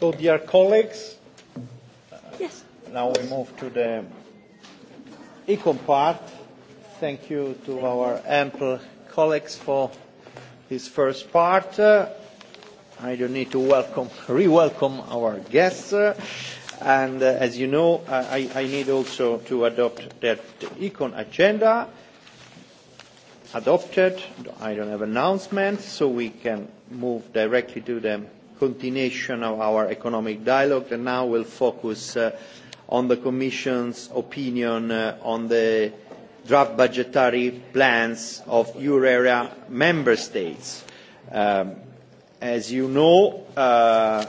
So, dear colleagues, yes. now we move to the econ part. Thank you to our ample colleagues for this first part. Uh, I don't need to welcome, re-welcome our guests. Uh, and uh, as you know, I, I need also to adopt that econ agenda adopted. I don't have announcements, so we can move directly to the continuation of our economic dialogue and now will focus uh, on the Commission's opinion uh, on the draft budgetary plans of euro area member states. Um, as you know, uh,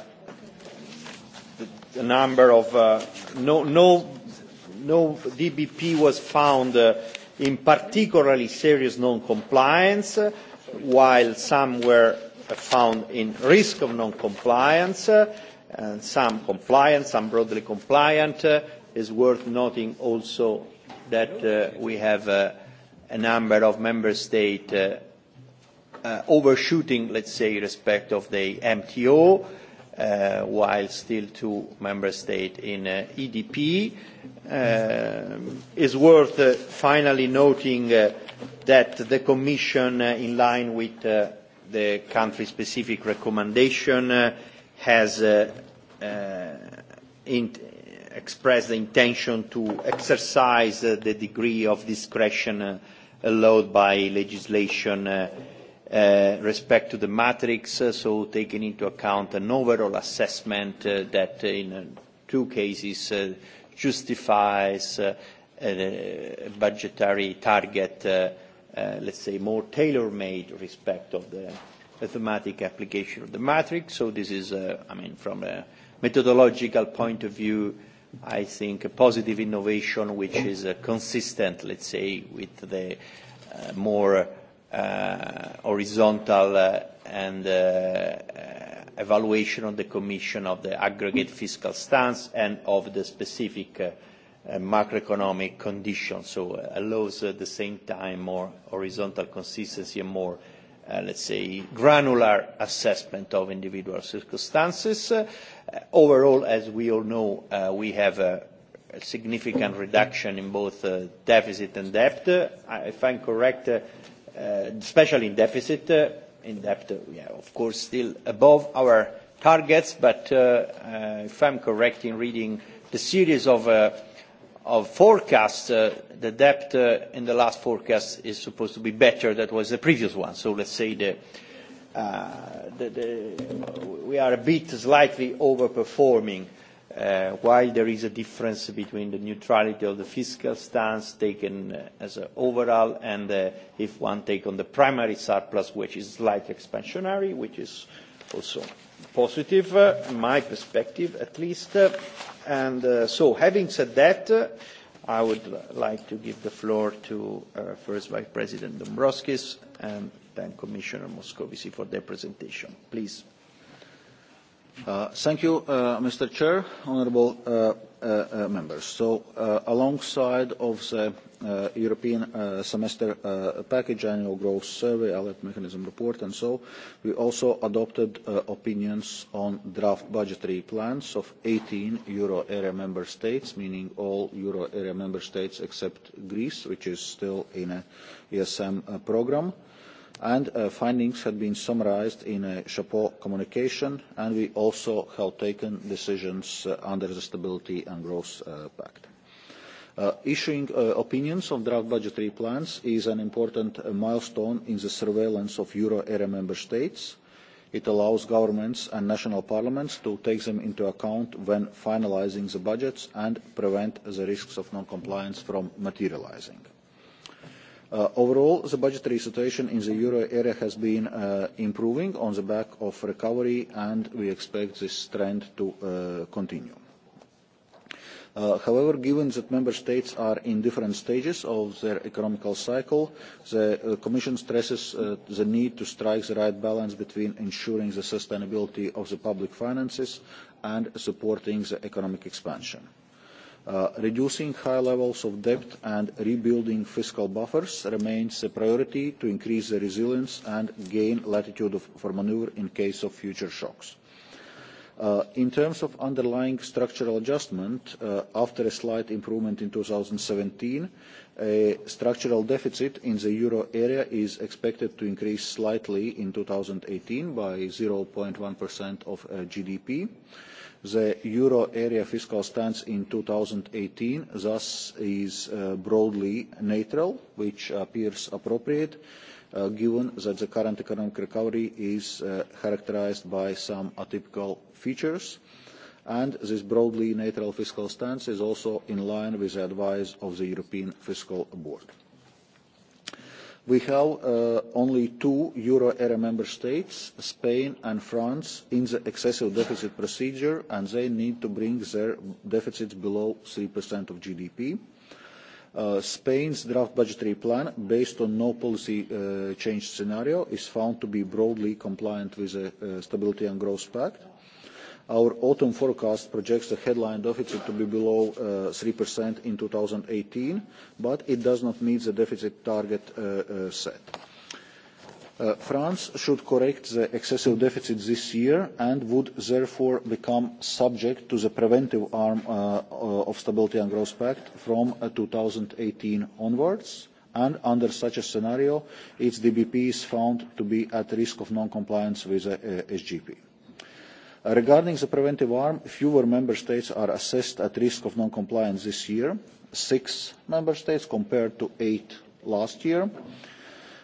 the, number of uh, no, no, no DBP was found uh, in particularly serious non-compliance, uh, while some were Uh, found in risk of non-compliance, uh, and some compliant, some broadly compliant. It uh, is worth noting also that we have a number of member states overshooting, let's say, respect of the MTO, while still two member states in EDP. It is worth finally noting that the Commission, in line with the country-specific recommendation uh, has uh, uh, in expressed the intention to exercise uh, the degree of discretion uh, allowed by legislation uh, uh, respect to the matrix, uh, so taking into account an overall assessment uh, that in uh, two cases uh, justifies uh, a budgetary target uh, uh, let's say, more tailor-made respect of the mathematic application of the matrix. So this is, uh, I mean, from a methodological point of view, I think a positive innovation which is uh, consistent, let's say, with the uh, more uh, horizontal uh, and uh, uh, evaluation of the Commission of the aggregate fiscal stance and of the specific uh, Uh, macroeconomic conditions, so uh, allows at uh, the same time more horizontal consistency and more, uh, let's say, granular assessment of individual circumstances. Uh, overall, as we all know, uh, we have a significant reduction in both uh, deficit and debt. Uh, if I'm correct, uh, uh, especially in deficit, uh, in debt, uh, are, of course, still above our targets, but uh, uh, if I'm correct in reading the series of uh, of forecasts, uh, the debt uh, in the last forecast is supposed to be better than was the previous one. So let's say the, uh, the, the, we are a bit slightly overperforming, uh, while there is a difference between the neutrality of the fiscal stance taken uh, as an overall and uh, if one take on the primary surplus, which is slightly expansionary, which is also positive, uh, in my perspective at least. Uh, And uh, so, having said that, uh, I would like to give the floor to uh, first Vice President Dombrovskis and then Commissioner Moscovici for their presentation. Please. Uh, thank you, uh, Mr. Chair, honorable uh, Uh, uh, members. So uh, alongside of the uh, European uh, semester uh, package, annual growth survey, alert mechanism report and so, we also adopted uh, opinions on draft budgetary plans of 18 euro area member states, meaning all euro area member states except Greece, which is still in a ESM uh, program. Uh, and uh, findings have been summarised in a chapeau communication and we also have taken decisions uh, under the stability and growth uh, pact. issuing opinions on draft budgetary plans is an important milestone in the surveillance of euro area member states. It allows governments and national parliaments to take them into account when finalising the budgets and prevent the risks of non-compliance from materialising. Uh, overall, the budgetary situation in the euro area has been uh, improving on the back of recovery, and we expect this trend to uh, continue. However, given that member states are in different stages of their economic cycle, the Commission stresses the need to strike the right balance between ensuring the sustainability of the public finances and supporting the economic expansion. Uh, reducing high levels of debt and rebuilding fiscal buffers remains a priority to increase the resilience and gain latitude for manoeuvre in case of future shocks. Uh, in terms of underlying structural adjustment, uh, after a slight improvement in seventeen, a structural deficit in the euro area is expected to increase slightly in eighteen by 0.1% of GDP The euro area fiscal stance in eighteen thus is uh, broadly neutral, which appears appropriate, uh, given that the current economic recovery is uh, characterised by some atypical features. And this broadly neutral fiscal stance is also in line with the advice of the European Fiscal Board. We have uh, only two euro area member states, Spain and France, in the excessive deficit procedure, and they need to bring their deficits below 3% of GDP. Uh, Spain's draft budgetary plan, based on no policy uh, change scenario, is found to be broadly compliant with the uh, Stability and Growth Pact Our autumn forecast projects a headline deficit to be below uh, 3% in 2018, but it does not meet the deficit target uh, uh, set. Uh, France should correct the excessive deficit this year and would therefore become subject to the preventive arm of Stability and Growth Pact from eighteen onwards. And under such a scenario, its DBP is found to be at risk of non-compliance with the SGP. Regarding the preventive arm, fewer member states are assessed at risk of non-compliance this year, six member states compared to eight last year.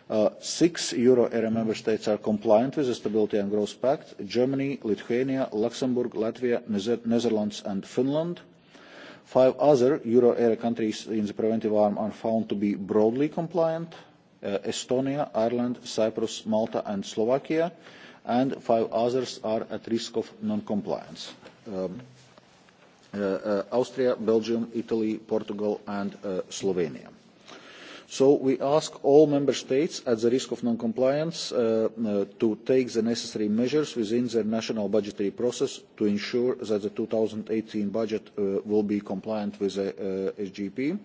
Uh, six euro area member states are compliant with the Stability and Growth Pact, Germany, Lithuania, Luxembourg, Latvia, Netherlands and Finland. Five other euro area countries in the preventive arm are found to be broadly compliant, uh, Estonia, Ireland, Cyprus, Malta and Slovakia and five others are at risk of non-compliance. Um, uh, uh, Austria, Belgium, Italy, Portugal and uh, Slovenia. So we ask all member states at the risk of non-compliance uh, uh, to take the necessary measures within their national budgetary process to ensure that the eighteen budget uh, will be compliant with the SGP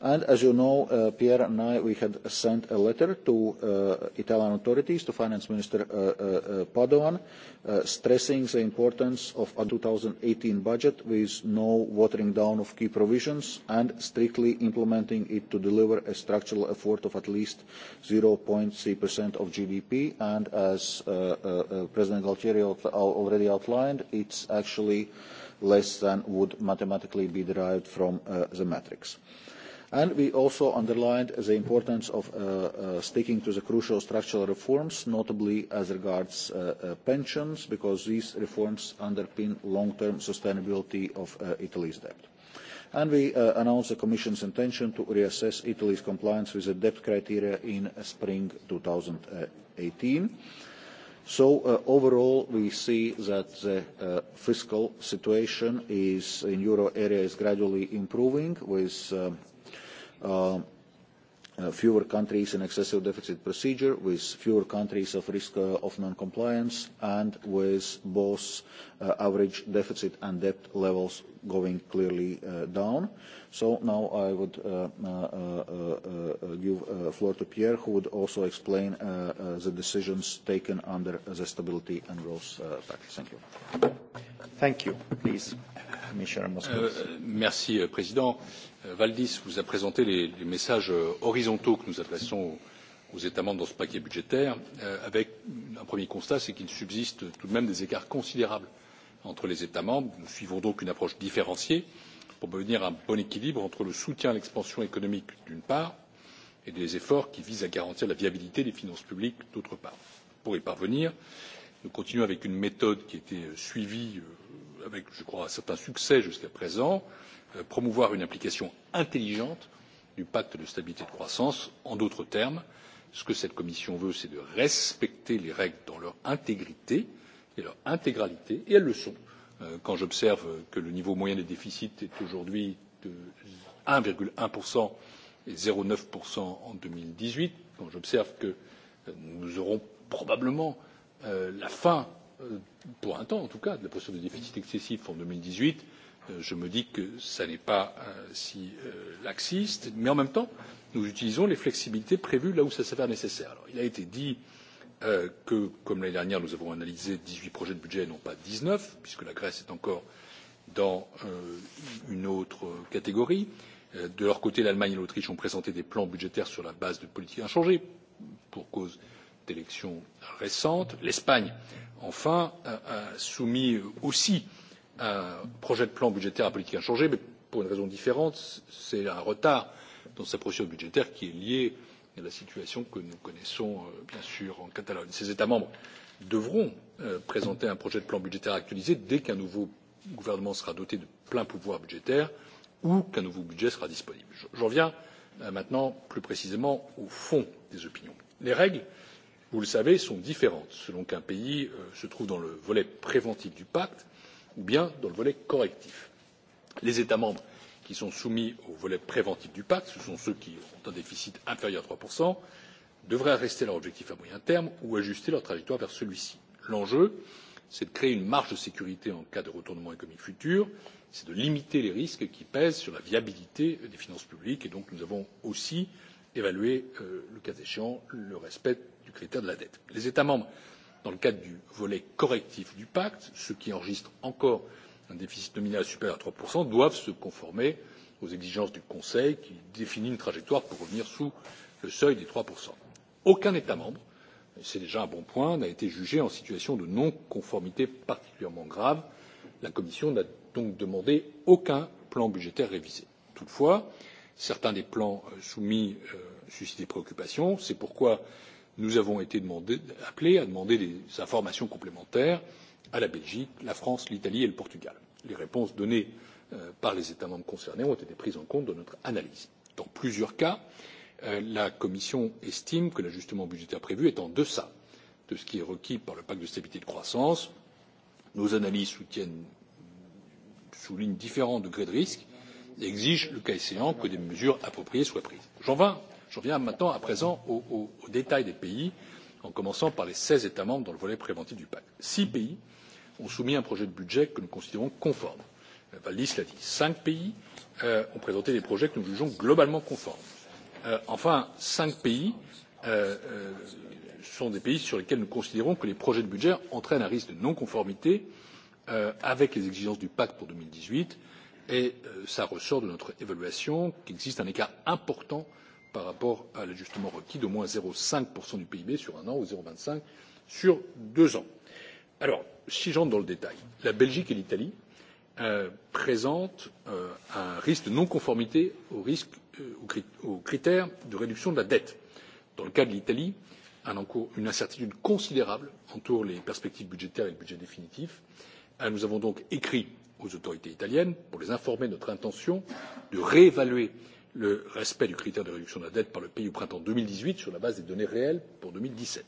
And as you know, uh, Pierre and I, we had sent a letter to uh, Italian authorities, to Finance Minister uh, uh, uh Padoan, uh, stressing the importance of a 2018 budget with no watering down of key provisions and strictly implementing it to deliver a structural effort of at least 0.3% of GDP. And as uh, uh, uh President Galtieri already outlined, it's actually less than would mathematically be derived from uh, the matrix. And we also underlined the importance of uh, uh, sticking to the crucial structural reforms, notably as regards uh, uh pensions, because these reforms underpin long-term sustainability of uh, Italy's debt. And we uh, announced the Commission's intention to reassess Italy's compliance with the debt criteria in spring eighteen. So uh, Overall, we see that the uh, fiscal situation is, in euro area is gradually improving with uh, Um, uh, fewer countries in excessive deficit procedure, with fewer countries of risk uh, of non-compliance, and with both uh, average deficit and debt levels going clearly uh, down. So now I would give the floor to Pierre, who would also explain the decisions taken under the Stability and Growth Pact. Thank you. Thank you. Please monsieur le euh, euh, président euh, valdis vous a présenté les messages horizontaux que nous adressons aux états membres dans ce paquet budgétaire avec un premier constat c'est qu'il subsiste tout de même des écarts considérables entre les états membres. nous suivons donc une approche différenciée pour parvenir à un bon équilibre entre le soutien à l'expansion économique d'une part et les efforts qui visent à garantir la viabilité des finances publiques d'autre part. pour y parvenir nous continuons avec une méthode qui a été suivie avec je crois un certain succès jusqu'à présent euh, promouvoir une application intelligente du pacte de stabilité et de croissance. en d'autres termes ce que cette commission veut c'est respecter les règles dans leur intégrité et leur intégralité et elles le sont euh, quand j'observe que le niveau moyen des déficits est aujourd'hui de un un et zéro neuf en deux mille dix huit quand j'observe que euh, nous aurons probablement la fin Euh, pour un temps en tout cas de la pression de déficit excessif en deux mille dix huit euh, je me dis que ce n'est pas si euh, laxiste mais en même temps nous utilisons les flexibilités prévues là où cela s'avère nécessaire. il a été dit que comme l'année dernière nous avons analysé dix huit projets de budget et non pas dix neuf puisque la grèce est encore dans une autre catégorie. de leur côté l'allemagne et l'autriche ont présenté des plans budgétaires sur la base de politiques inchangées pour cause d'élections récentes. l'espagne enfin euh, euh, soumis aussi à un projet de plan budgétaire à politique inchangée mais pour une raison différente c'est un retard dans sa procédure budgétaire qui est lié à la situation que nous connaissons euh, bien sûr en catalogne. ces états membres devront présenter un projet de plan budgétaire actualisé dès qu'un nouveau gouvernement sera doté de pleins pouvoirs budgétaires ou qu'un nouveau budget sera disponible. j'en viens maintenant plus précisément au fond des opinions. les règles vous le savez sont différentes selon qu'un pays euh, se trouve dans le volet préventif du pacte ou bien dans le volet correctif. les états membres qui sont soumis au volet préventif du pacte ce sont ceux qui ont un déficit inférieur à trois devraient rester leur objectif à moyen terme ou ajuster leur trajectoire vers celui ci. l'enjeu c'est de créer une marge de sécurité en cas de retournement économique futur c'est de limiter les risques qui pèsent sur la viabilité des finances publiques et donc nous avons aussi évalué euh, le cas échéant le respect critère de la dette. les états membres dans le cadre du volet correctif du pacte ceux qui enregistrent encore un déficit nominal supérieur à trois doivent se conformer aux exigences du conseil qui définit une trajectoire pour revenir sous le seuil des. trois aucun état membre et c'est déjà un bon point n'a été jugé en situation de non conformité particulièrement grave. la commission n'a donc demandé aucun plan budgétaire révisé. toutefois certains des plans euh, soumis euh, suscitent des préoccupations c'est pourquoi nous avons été appelés à demander des informations complémentaires à la belgique la france l'italie et le portugal. les réponses données euh, par les états membres concernés ont été prises en compte dans notre analyse. dans plusieurs cas euh, la commission estime que l'ajustement budgétaire prévu est en deçà de ce qui est requis par le pacte de stabilité et de croissance. nos analyses soulignent différents degrés de risque et exigent le cas échéant que des mesures appropriées soient prises. j'en j'en viens maintenant à présent au, détail des pays en commençant par les seize états membres dans le volet préventif du pacte. six pays ont soumis un projet de budget que nous considérons conforme wallis l'a dit cinq pays euh, ont présenté des projets que nous jugeons globalement conformes. Euh, enfin cinq pays euh, sont des pays sur lesquels nous considérons que les projets de budget entraînent un risque de non conformité avec les exigences du pacte pour deux mille dix huit et cela ressort de notre évaluation qu'il existe un écart important par rapport à l'ajustement requis d'au moins zéro cinq du pib sur un an ou zéro vingt cinq sur deux ans. alors si j'entre dans le détail la belgique et l'italie euh, présentent euh, un risque de non conformité aux euh, critères de réduction de la dette. dans le cas de l'italie une incertitude considérable entoure les perspectives budgétaires et le budget définitif. nous avons donc écrit aux autorités italiennes pour les informer de notre intention de réévaluer le respect du critère de réduction de la dette par le pays au printemps deux mille dix huit sur la base des données réelles pour deux mille dix sept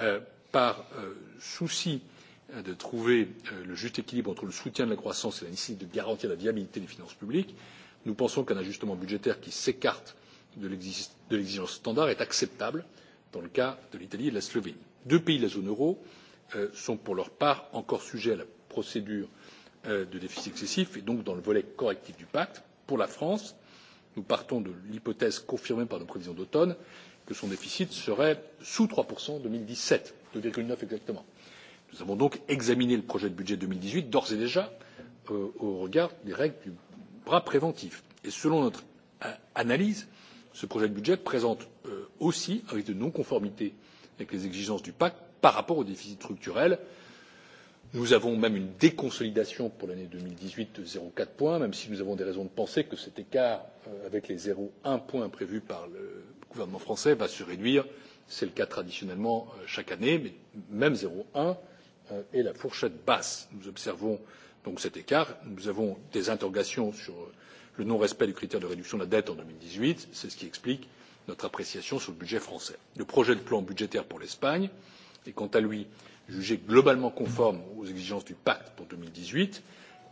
euh, par euh, souci de trouver euh, le juste équilibre entre le soutien de la croissance et la nécessité de garantir la viabilité des finances publiques nous pensons qu'un ajustement budgétaire qui s'écarte de l'exigence standard est acceptable dans le cas de l'italie et de la slovénie. deux pays de la zone euro sont pour leur part encore sujets à la procédure de déficit excessif et donc dans le volet correctif du pacte pour la france nous partons de l'hypothèse confirmée par nos prévisions d'automne que son déficit serait sous trois en deux mille dix sept deux neuf exactement. nous avons donc examiné le projet de budget deux mille dix huit d'ores et déjà euh, au regard des règles du bras préventif et selon notre euh, analyse ce projet de budget présente euh, aussi un risque de non conformité avec les exigences du pacte par rapport au déficit structurel nous avons même une déconsolidation pour l'année deux mille dix huit de zéro quatre point même si nous avons des raisons de penser que cet écart euh, avec les zéro un point prévus par le gouvernement français va se réduire c'est le cas traditionnellement euh, chaque année mais même zéro un euh, est la fourchette basse. nous observons donc cet écart nous avons des interrogations sur le non respect du critère de réduction de la dette en deux mille dix huit c'est ce qui explique notre appréciation sur le budget français. le projet de plan budgétaire pour l'espagne est quant à lui jugée globalement conforme aux exigences du pacte pour deux mille dix huit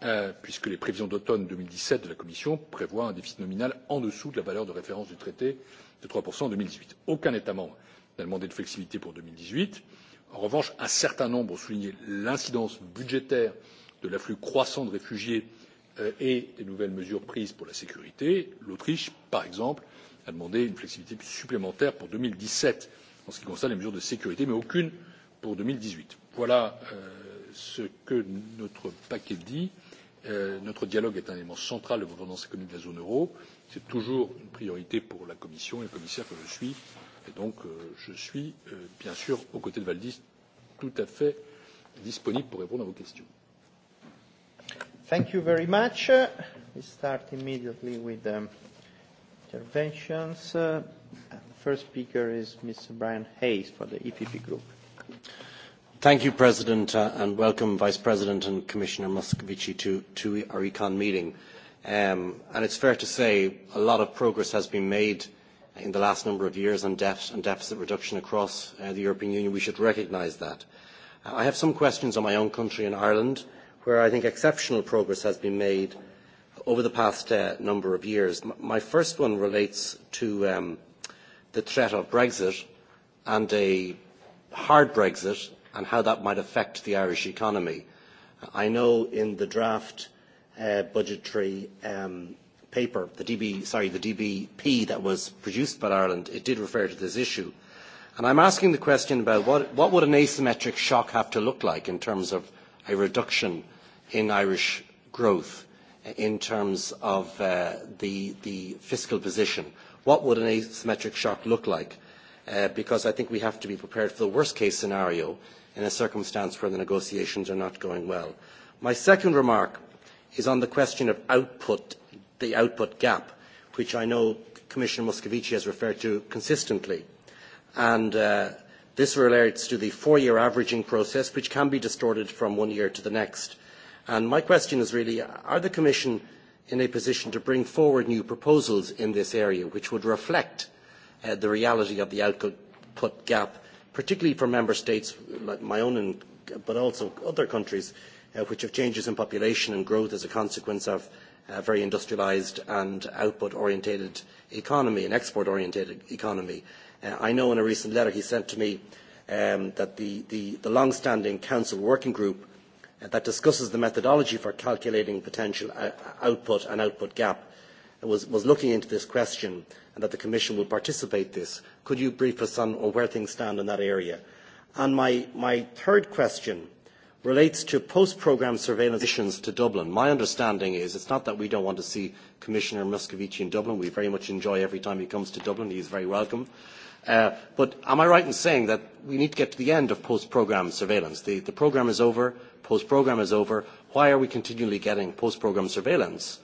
euh, puisque les prévisions d'automne deux mille dix sept de la commission prévoient un déficit nominal en dessous de la valeur de référence du traité de trois en. deux mille dix huit aucun état membre n'a demandé de flexibilité pour. deux mille dix huit en revanche un certain nombre ont souligné l'incidence budgétaire de l'afflux croissant de réfugiés euh, et des nouvelles mesures prises pour la sécurité l'autriche par exemple a demandé une flexibilité supplémentaire pour deux mille dix sept en ce qui concerne les mesures de sécurité mais aucune pour. deux mille dix huit voilà euh, ce que notre paquet dit. Euh, notre dialogue est un élément central de la gouvernance économique de la zone euro c'est toujours une priorité pour la commission et le commissaire que je suis et donc euh, je suis bien sûr aux côtés de valdis tout à fait disponible pour répondre à vos questions. Thank you very much. We start immediately with the um, interventions. Uh, first speaker is Mr. Brian Hayes for the EPP Group. Thank you, President, uh, and welcome Vice President and Commissioner Moscovici to, to our Econ meeting. Um, and it's fair to say a lot of progress has been made in the last number of years on debt and deficit reduction across uh, the European Union. We should recognise that. Uh, I have some questions on my own country in Ireland, where I think exceptional progress has been made over the past uh, number of years. M my first one relates to um, the threat of Brexit and a hard Brexit and how that might affect the Irish economy. Uh, I know in the draft uh, budgetary um, paper, the, DB, sorry, the DBP that was produced by Ireland, it did refer to this issue. And I'm asking the question about what, what would an asymmetric shock have to look like in terms of a reduction in Irish growth in terms of uh, the, the fiscal position. What would an asymmetric shock look like? Uh, because I think we have to be prepared for the worst case scenario in a circumstance where the negotiations are not going well. My second remark is on the question of output, the output gap, which I know Commissioner Moscovici has referred to consistently. And uh, this relates to the four-year averaging process, which can be distorted from one year to the next. And my question is really, are the Commission in a position to bring forward new proposals in this area, which would reflect uh, the reality of the output gap particularly for member states like my own, and, but also other countries, uh, which have changes in population and growth as a consequence of a uh, very industrialised and output-orientated economy, an export-orientated economy. Uh, I know in a recent letter he sent to me um, that the, the, the long-standing council working group uh, that discusses the methodology for calculating potential uh, output and output gap was, was looking into this question and that the Commission will participate in this. Could you brief us on, on where things stand in that area? And my, my third question relates to post-programme surveillance missions to Dublin. My understanding is it's not that we don't want to see Commissioner Muscovici in Dublin. We very much enjoy every time he comes to Dublin. He is very welcome. Uh, but am I right in saying that we need to get to the end of post-programme surveillance? The, the programme is over, post-programme is over. Why are we continually getting post-programme surveillance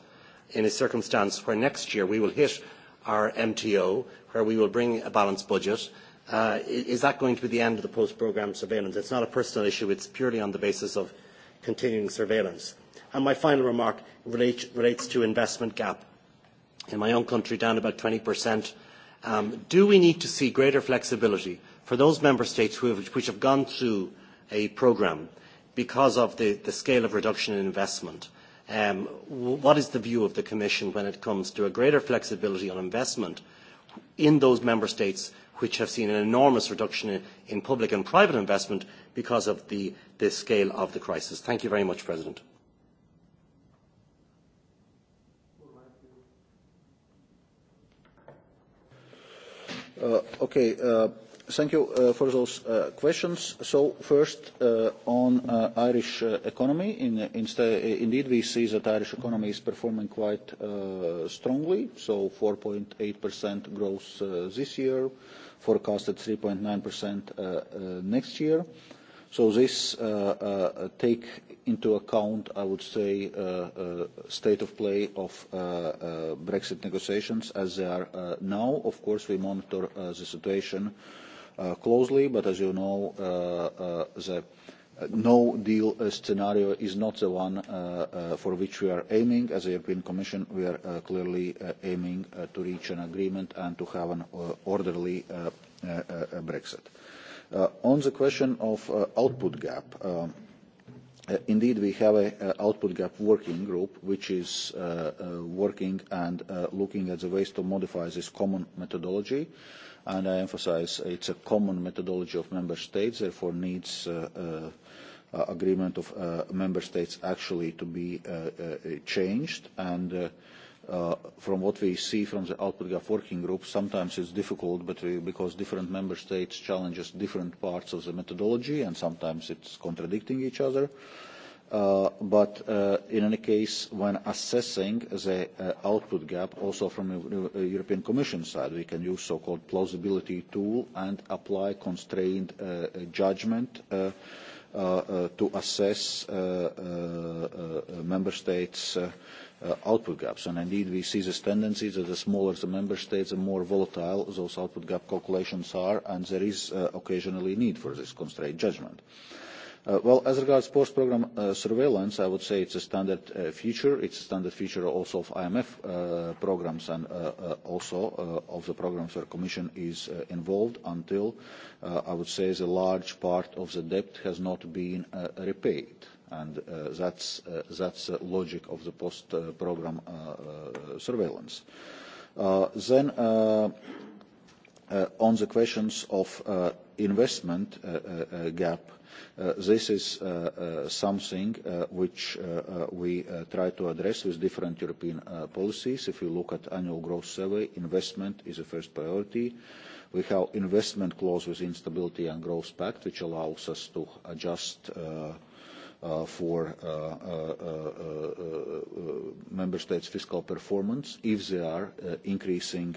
in a circumstance where next year we will hit our MTO, where we will bring a balanced budget. Uh, is that going to be the end of the post-programme surveillance? It's not a personal issue, it's purely on the basis of continuing surveillance. And my final remark relate, relates to investment gap. In my own country, down about 20%. Um, do we need to see greater flexibility for those member states who have, which have gone through a programme because of the, the scale of reduction in investment? Um, what is the view of the Commission when it comes to a greater flexibility on investment in those member states which have seen an enormous reduction in, in public and private investment because of the, the scale of the crisis? Thank you very much, President. Uh, okay. Uh Thank you uh, for those uh, questions. So first, uh, on uh, Irish uh, economy, in, in indeed, we see that Irish economy is performing quite uh, strongly, so 4.8% growth this year, forecasted 3.9% next year. So this take into account, I would say, state of play of Brexit negotiations as they are now. Of course, we monitor uh the situation Uh, closely, but as you know, uh, uh, the no-deal scenario is not the one for which we are aiming. As the European Commission, we are clearly aiming to reach an agreement and to have an orderly Brexit. On the question of output gap, um, indeed, we have an output gap working group which is uh, uh, working and uh, looking at the ways to modify this common methodology and I emphasise it is a common methodology of member states, therefore needs uh, uh, agreement of uh, member states actually to be uh, uh, changed. And uh, from what we see from the output of working group, sometimes it is difficult but we, because different member states challenge different parts of the methodology and sometimes it is contradicting each other. Uh, Uh, but uh, in any case, when assessing the uh, output gap, also from the European Commission side, we can use so-called plausibility tool and apply constrained judgment to assess member states' output gaps. And indeed, we see this tendency that the smaller the member states, the more volatile those output gap calculations are, and there is occasionally need for this constrained judgment. Uh, well, as regards post-program uh, surveillance, I would say it's a standard uh, feature. It's a standard feature also of IMF uh, programs and also of the programs where Commission is involved until, I would say, the large part of the debt has not been repaid. And that's, that's the logic of the post-program surveillance. Then on the questions of investment gap, Uh, this is uh, uh, something which we try to address with different European policies. If you look at annual growth survey, investment is the first priority. We have investment clause within Stability and Growth Pact, which allows us to adjust uh, Uh, for uh, uh, member states' fiscal performance if they are increasing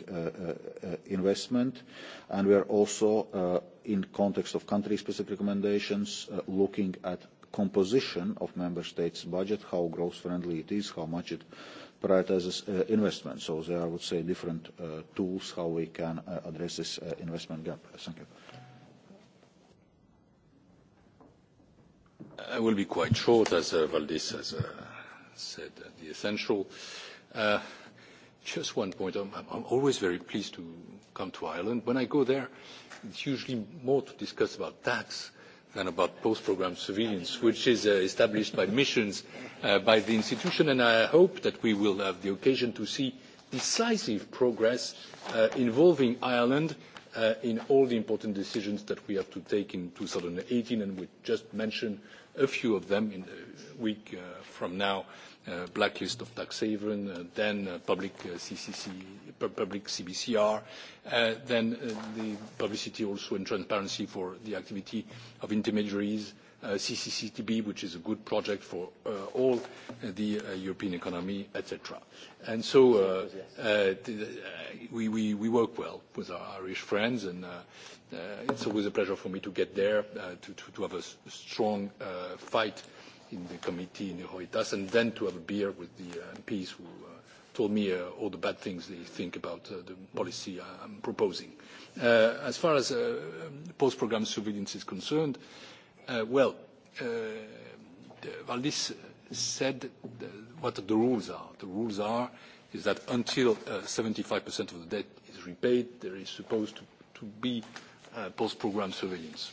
investment. And we are also, in context of country-specific recommendations, looking at composition of member states' budget, how growth-friendly it is, how much it prioritizes investment. So there are, I would say, different tools how we can address this investment gap. Thank you. I will be quite short, as uh, Valdis has uh, said uh, the essential. just one point. I'm, always very pleased to come to Ireland. When I go there, it's usually more to discuss about tax than about post-program surveillance, which is established by missions by the institution, and I hope that we will have the occasion to see decisive progress involving Ireland Uh, in all the important decisions that we have to take in 2018, and we just mentioned a few of them in a week uh, from now, uh, blacklist of tax haven, then public CCC, public CBCR, then the publicity also and transparency for the activity of intermediaries, Uh, ccctb which is a good project for uh, all the uh, european economy etc. and so we, we, we work well with our irish friends and it's always a pleasure for me to get there to, to, have a strong fight in the committee in Horritas, and then to have a beer with the MPs who uh, told me uh, all the bad things they think about uh, the policy I'm proposing. As far as um, post-programme surveillance is concerned, Uh, well, uh, Valdis said what the rules are. The rules are is that until uh, 75% of the debt is repaid, there is supposed to, to be uh, post-program surveillance.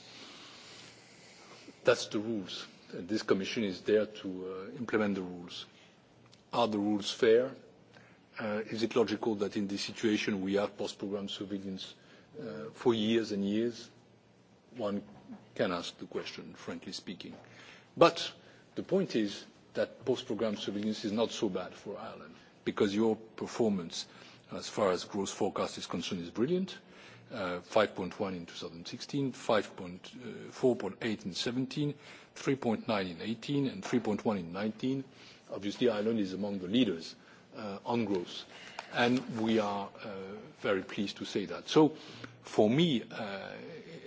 That's the rules. And this commission is there to uh, implement the rules. Are the rules fair? Uh, is it logical that in this situation we have post-program surveillance uh, for years and years? One can ask the question, frankly speaking. But the point is that post-programme surveillance is not so bad for Ireland because your performance as far as growth forecast is concerned is brilliant. 5.1 uh, in 2016, 4.8 uh, in 2017, 3.9 in 2018, and 3.1 in 2019. Obviously, Ireland is among the leaders uh, on growth, and we are uh, very pleased to say that. So for me, uh,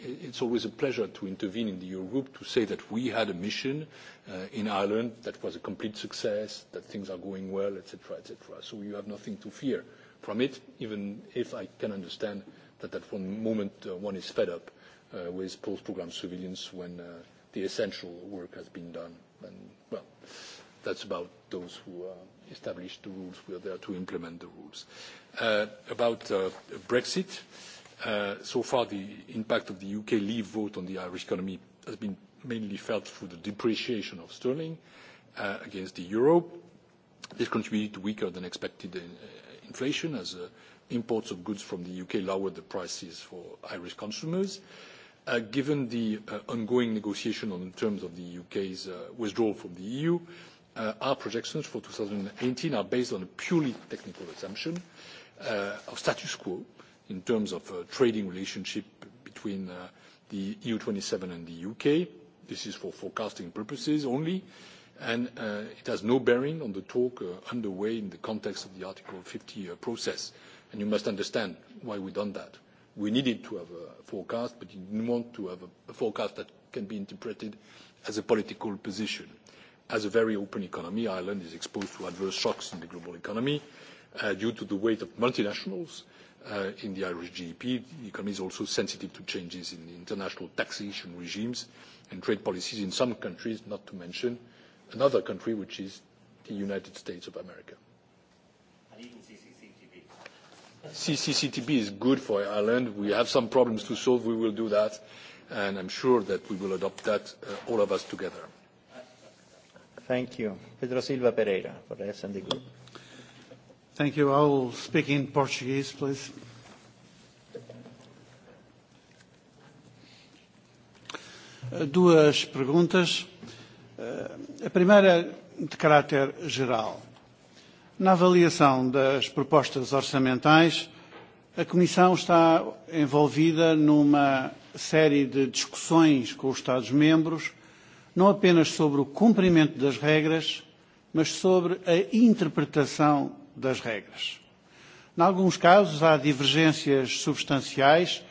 it's always a pleasure to intervene in the Eurogroup to say that we had a mission uh, in Ireland that was a complete success, that things are going well, etc., etc. So you have nothing to fear from it, even if I can understand that at one moment uh, one is fed up uh, with post-program surveillance when uh, the essential work has been done. And, well, that's about those who uh, establish the rules. We are there to implement the rules. Uh, about uh, Brexit. Uh, Uh, so far, the impact of the U.K. leave vote on the Irish economy has been mainly felt through the depreciation of sterling uh, against the euro. This contributed to weaker than expected uh, inflation as imports of goods from the U.K. lowered the prices for Irish consumers. Given the ongoing negotiation on the terms of the U.K.'s withdrawal from the EU, our projections for 2018 are based on a purely technical assumption of status quo, in terms of a uh, trading relationship between uh, the eu twenty seven and the uk this is for forecasting purposes only and uh, it has no bearing on the talk uh, underway in the context of the article fifty uh, process and you must understand why we done that. we needed to have a forecast but we did not want to have a forecast that can be interpreted as a political position. as a very open economy ireland is exposed to adverse shocks in the global economy uh, due to the weight of multinationals Uh, in the irish gdp. E the economy is also sensitive to changes in the international taxation regimes and trade policies in some countries not to mention another country which is the united states of america. even ccctb. ccctb is good for ireland. we have some problems to solve. we will do that and i'm sure that we will adopt that uh, all of us together. thank you. pedro silva pereira for the sd group. Thank you. I will speak in Portuguese, please. Uh, duas perguntas. Uh, a primeira de caráter geral. Na avaliação das propostas orçamentais, a Comissão está envolvida numa série de discussões com os Estados-membros, não apenas sobre o cumprimento das regras, mas sobre a interpretação das regras. Em alguns casos, há divergências substanciais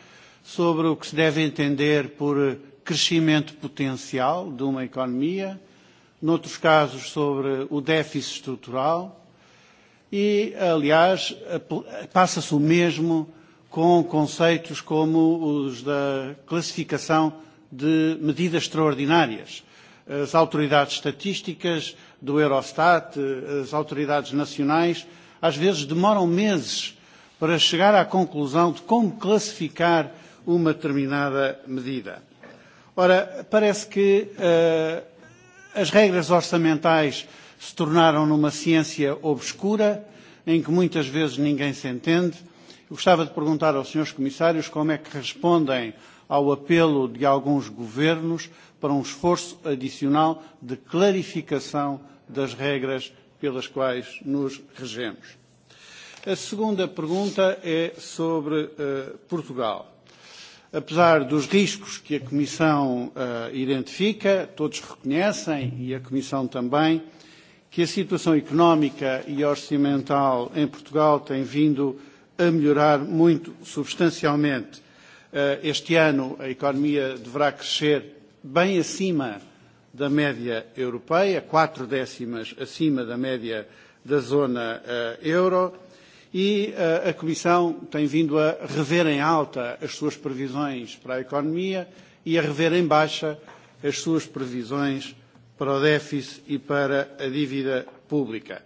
sobre o que se deve entender por crescimento potencial de uma economia, noutros casos, sobre o déficit estrutural, e, aliás, passa-se o mesmo com conceitos como os da classificação de medidas extraordinárias Eh, as autoridades estatísticas do Eurostat, eh, as autoridades nacionais, às vezes demoram meses para chegar à conclusão de como classificar uma determinada medida. Ora, parece que uh, as regras orçamentais se tornaram numa ciência obscura, em que muitas vezes ninguém se entende. Eu gostava de perguntar aos senhores comissários como é que respondem ao apelo de alguns governos para um esforço adicional de clarificação das regras pelas quais nos regemos. A segunda pergunta é sobre uh, Portugal. Apesar dos riscos que a Comissão uh, identifica, todos reconhecem, e a Comissão também, que a situação económica e orçamental em Portugal tem vindo a melhorar muito substancialmente. Uh, este ano a economia deverá crescer bem acima da média europeia, quatro décimas acima da média da zona uh, euro, e uh, a Comissão tem vindo a rever em alta as suas previsões para a economia e a rever em baixa as suas previsões para o déficit e para a dívida pública.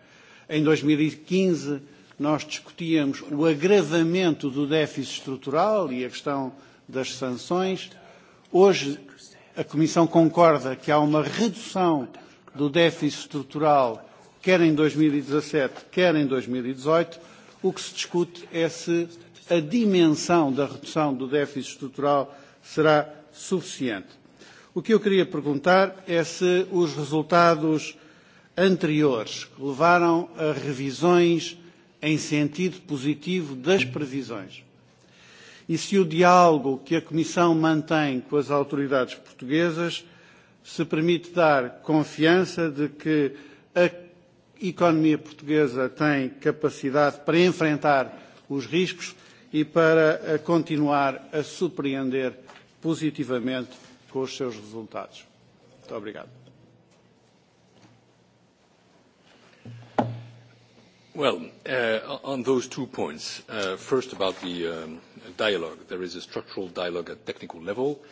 Em 2015, e nós discutíamos o agravamento do déficit estrutural e a questão das sanções. Hoje a Comissão concorda que há uma redução do déficit estrutural, quer em 2017, e quer em 2018. E o que se discute é se a dimensão da redução do déficit estrutural será suficiente. O que eu queria perguntar é se os resultados anteriores que levaram a revisões em sentido positivo das previsões e se o diálogo que a Comissão mantém com as autoridades portuguesas se permite dar confiança de que a economia portuguesa tem capacidade para enfrentar os riscos e para a continuar a surpreender positivamente com os seus resultados. Muito obrigado. Well, uh, on those two points, uh, first about the um, dialogue. There is a structural dialogue at technical level.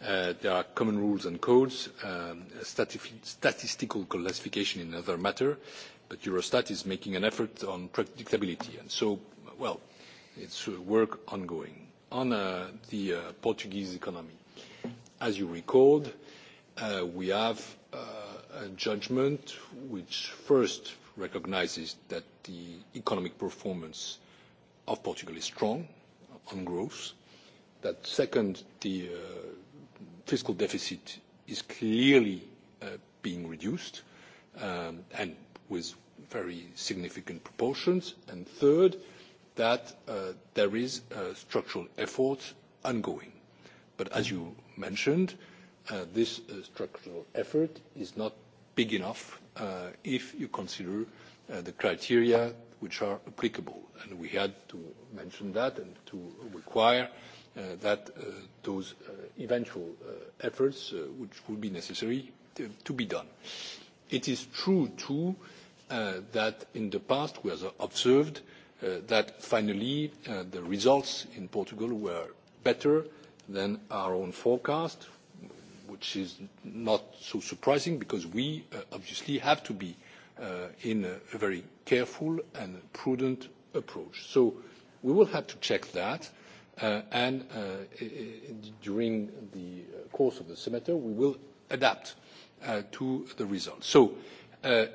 Uh, there are common rules and codes, um, statistical classification in another matter, but Eurostat is making an effort on predictability, and so, well, it's work ongoing. On uh, the uh, Portuguese economy, as you recalled, uh, we have a judgment which first recognises that the economic performance of Portugal is strong on growth. That second, the uh, fiscal deficit is clearly uh, being reduced, um, and with very significant proportions. And third, that uh, there is a structural effort ongoing. But as you mentioned, this structural effort is not big enough uh, if you consider uh, the criteria which are applicable. And we had to mention that and to require uh, that uh, those uh, eventual uh, efforts which would be necessary to, to be done. It is true, too, that in the past we have observed that finally the results in Portugal were better than our own forecast which is not so surprising because we uh, obviously have to be uh, in a very careful and prudent approach. so we will have to check that uh, and during the course of the semester we will adapt to the results. so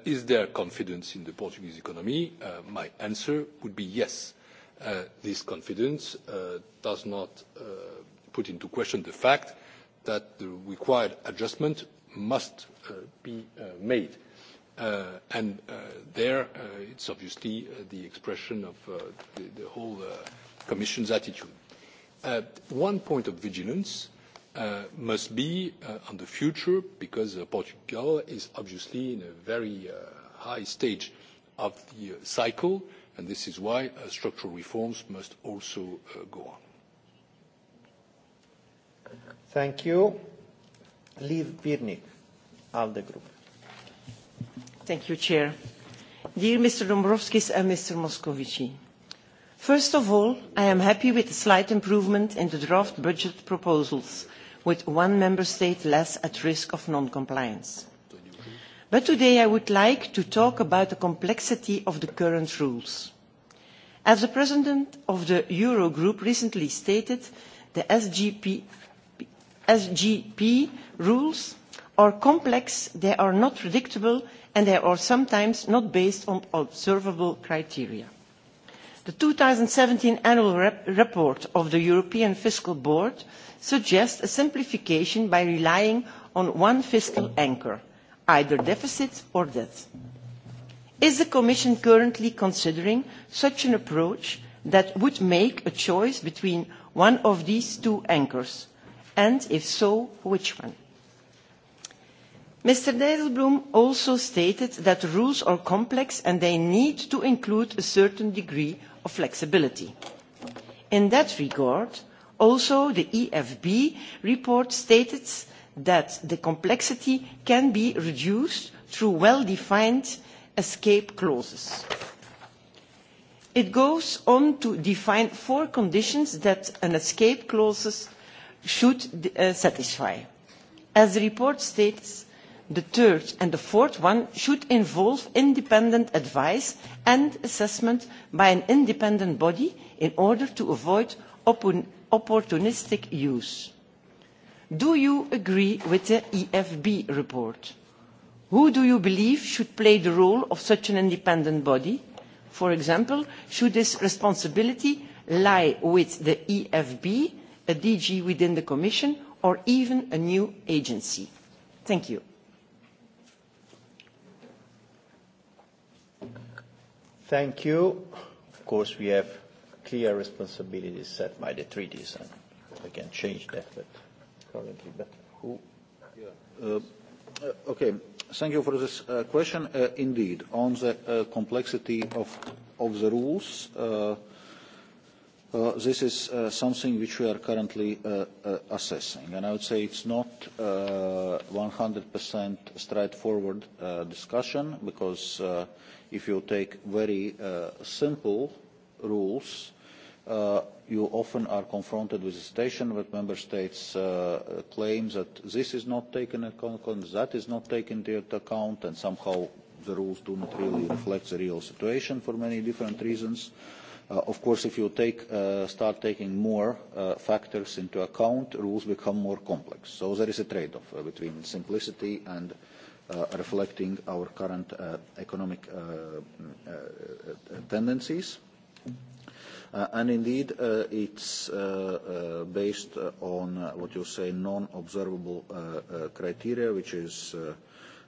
is there confidence in the portuguese economy? my answer would be yes. this confidence does not put into question the fact that the required adjustment must uh, be uh, made. Uh, and there, it's obviously the expression of the whole Commission's attitude. One point of vigilance must be on the future, because Portugal is obviously in a very high stage of the cycle, and this is why structural reforms must also go on Thank you. Liv Birnik, ALDE Group. Thank you, Chair. Dear Mr. Dombrovskis and Mr. Moscovici, first of all, I am happy with the slight improvement in the draft budget proposals, with one member state less at risk of non-compliance. But today I would like to talk about the complexity of the current rules. As the president of the Eurogroup recently stated, the SGP sgp rules are complex they are not predictable and they are sometimes not based on observable criteria. the two thousand and seventeen annual report of the european fiscal board suggests a simplification by relying on one fiscal anchor either deficit or debt. is the commission currently considering such an approach that would make a choice between one of these two anchors and if so which one? mr dijsselbloem also stated that the rules are complex and they need to include a certain degree of flexibility. in that regard also the efb report stated that the complexity can be reduced through well defined escape clauses. it goes on to define four conditions that an escape clause should uh, satisfy. As the report states, the third and the fourth one should involve independent advice and assessment by an independent body in order to avoid opportunistic use. Do you agree with the EFB report? Who do you believe should play the role of such an independent body? For example, should this responsibility lie with the EFB a dg within the commission or even a new agency. thank you. thank you. of course we have clear responsibilities set by the treaties and we can change that but currently but who yeah. uh, okay thank you for this uh, question uh, indeed on the uh, complexity of of the rules uh, Uh, this is uh, something which we are currently uh, uh assessing, and I would say it's not uh, 100% straightforward uh, discussion because uh, if you take very simple rules, you often are confronted with a situation where member states claim that this is not taken into account, that is not taken into account, and somehow the rules do not really reflect the real situation for many different reasons. Uh, Uh, of course, if you take, uh, start taking more uh, factors into account, rules become more complex. So there is a trade-off uh, between simplicity and uh, reflecting our current economic tendencies. and indeed, it's based on what you say non-observable criteria, which is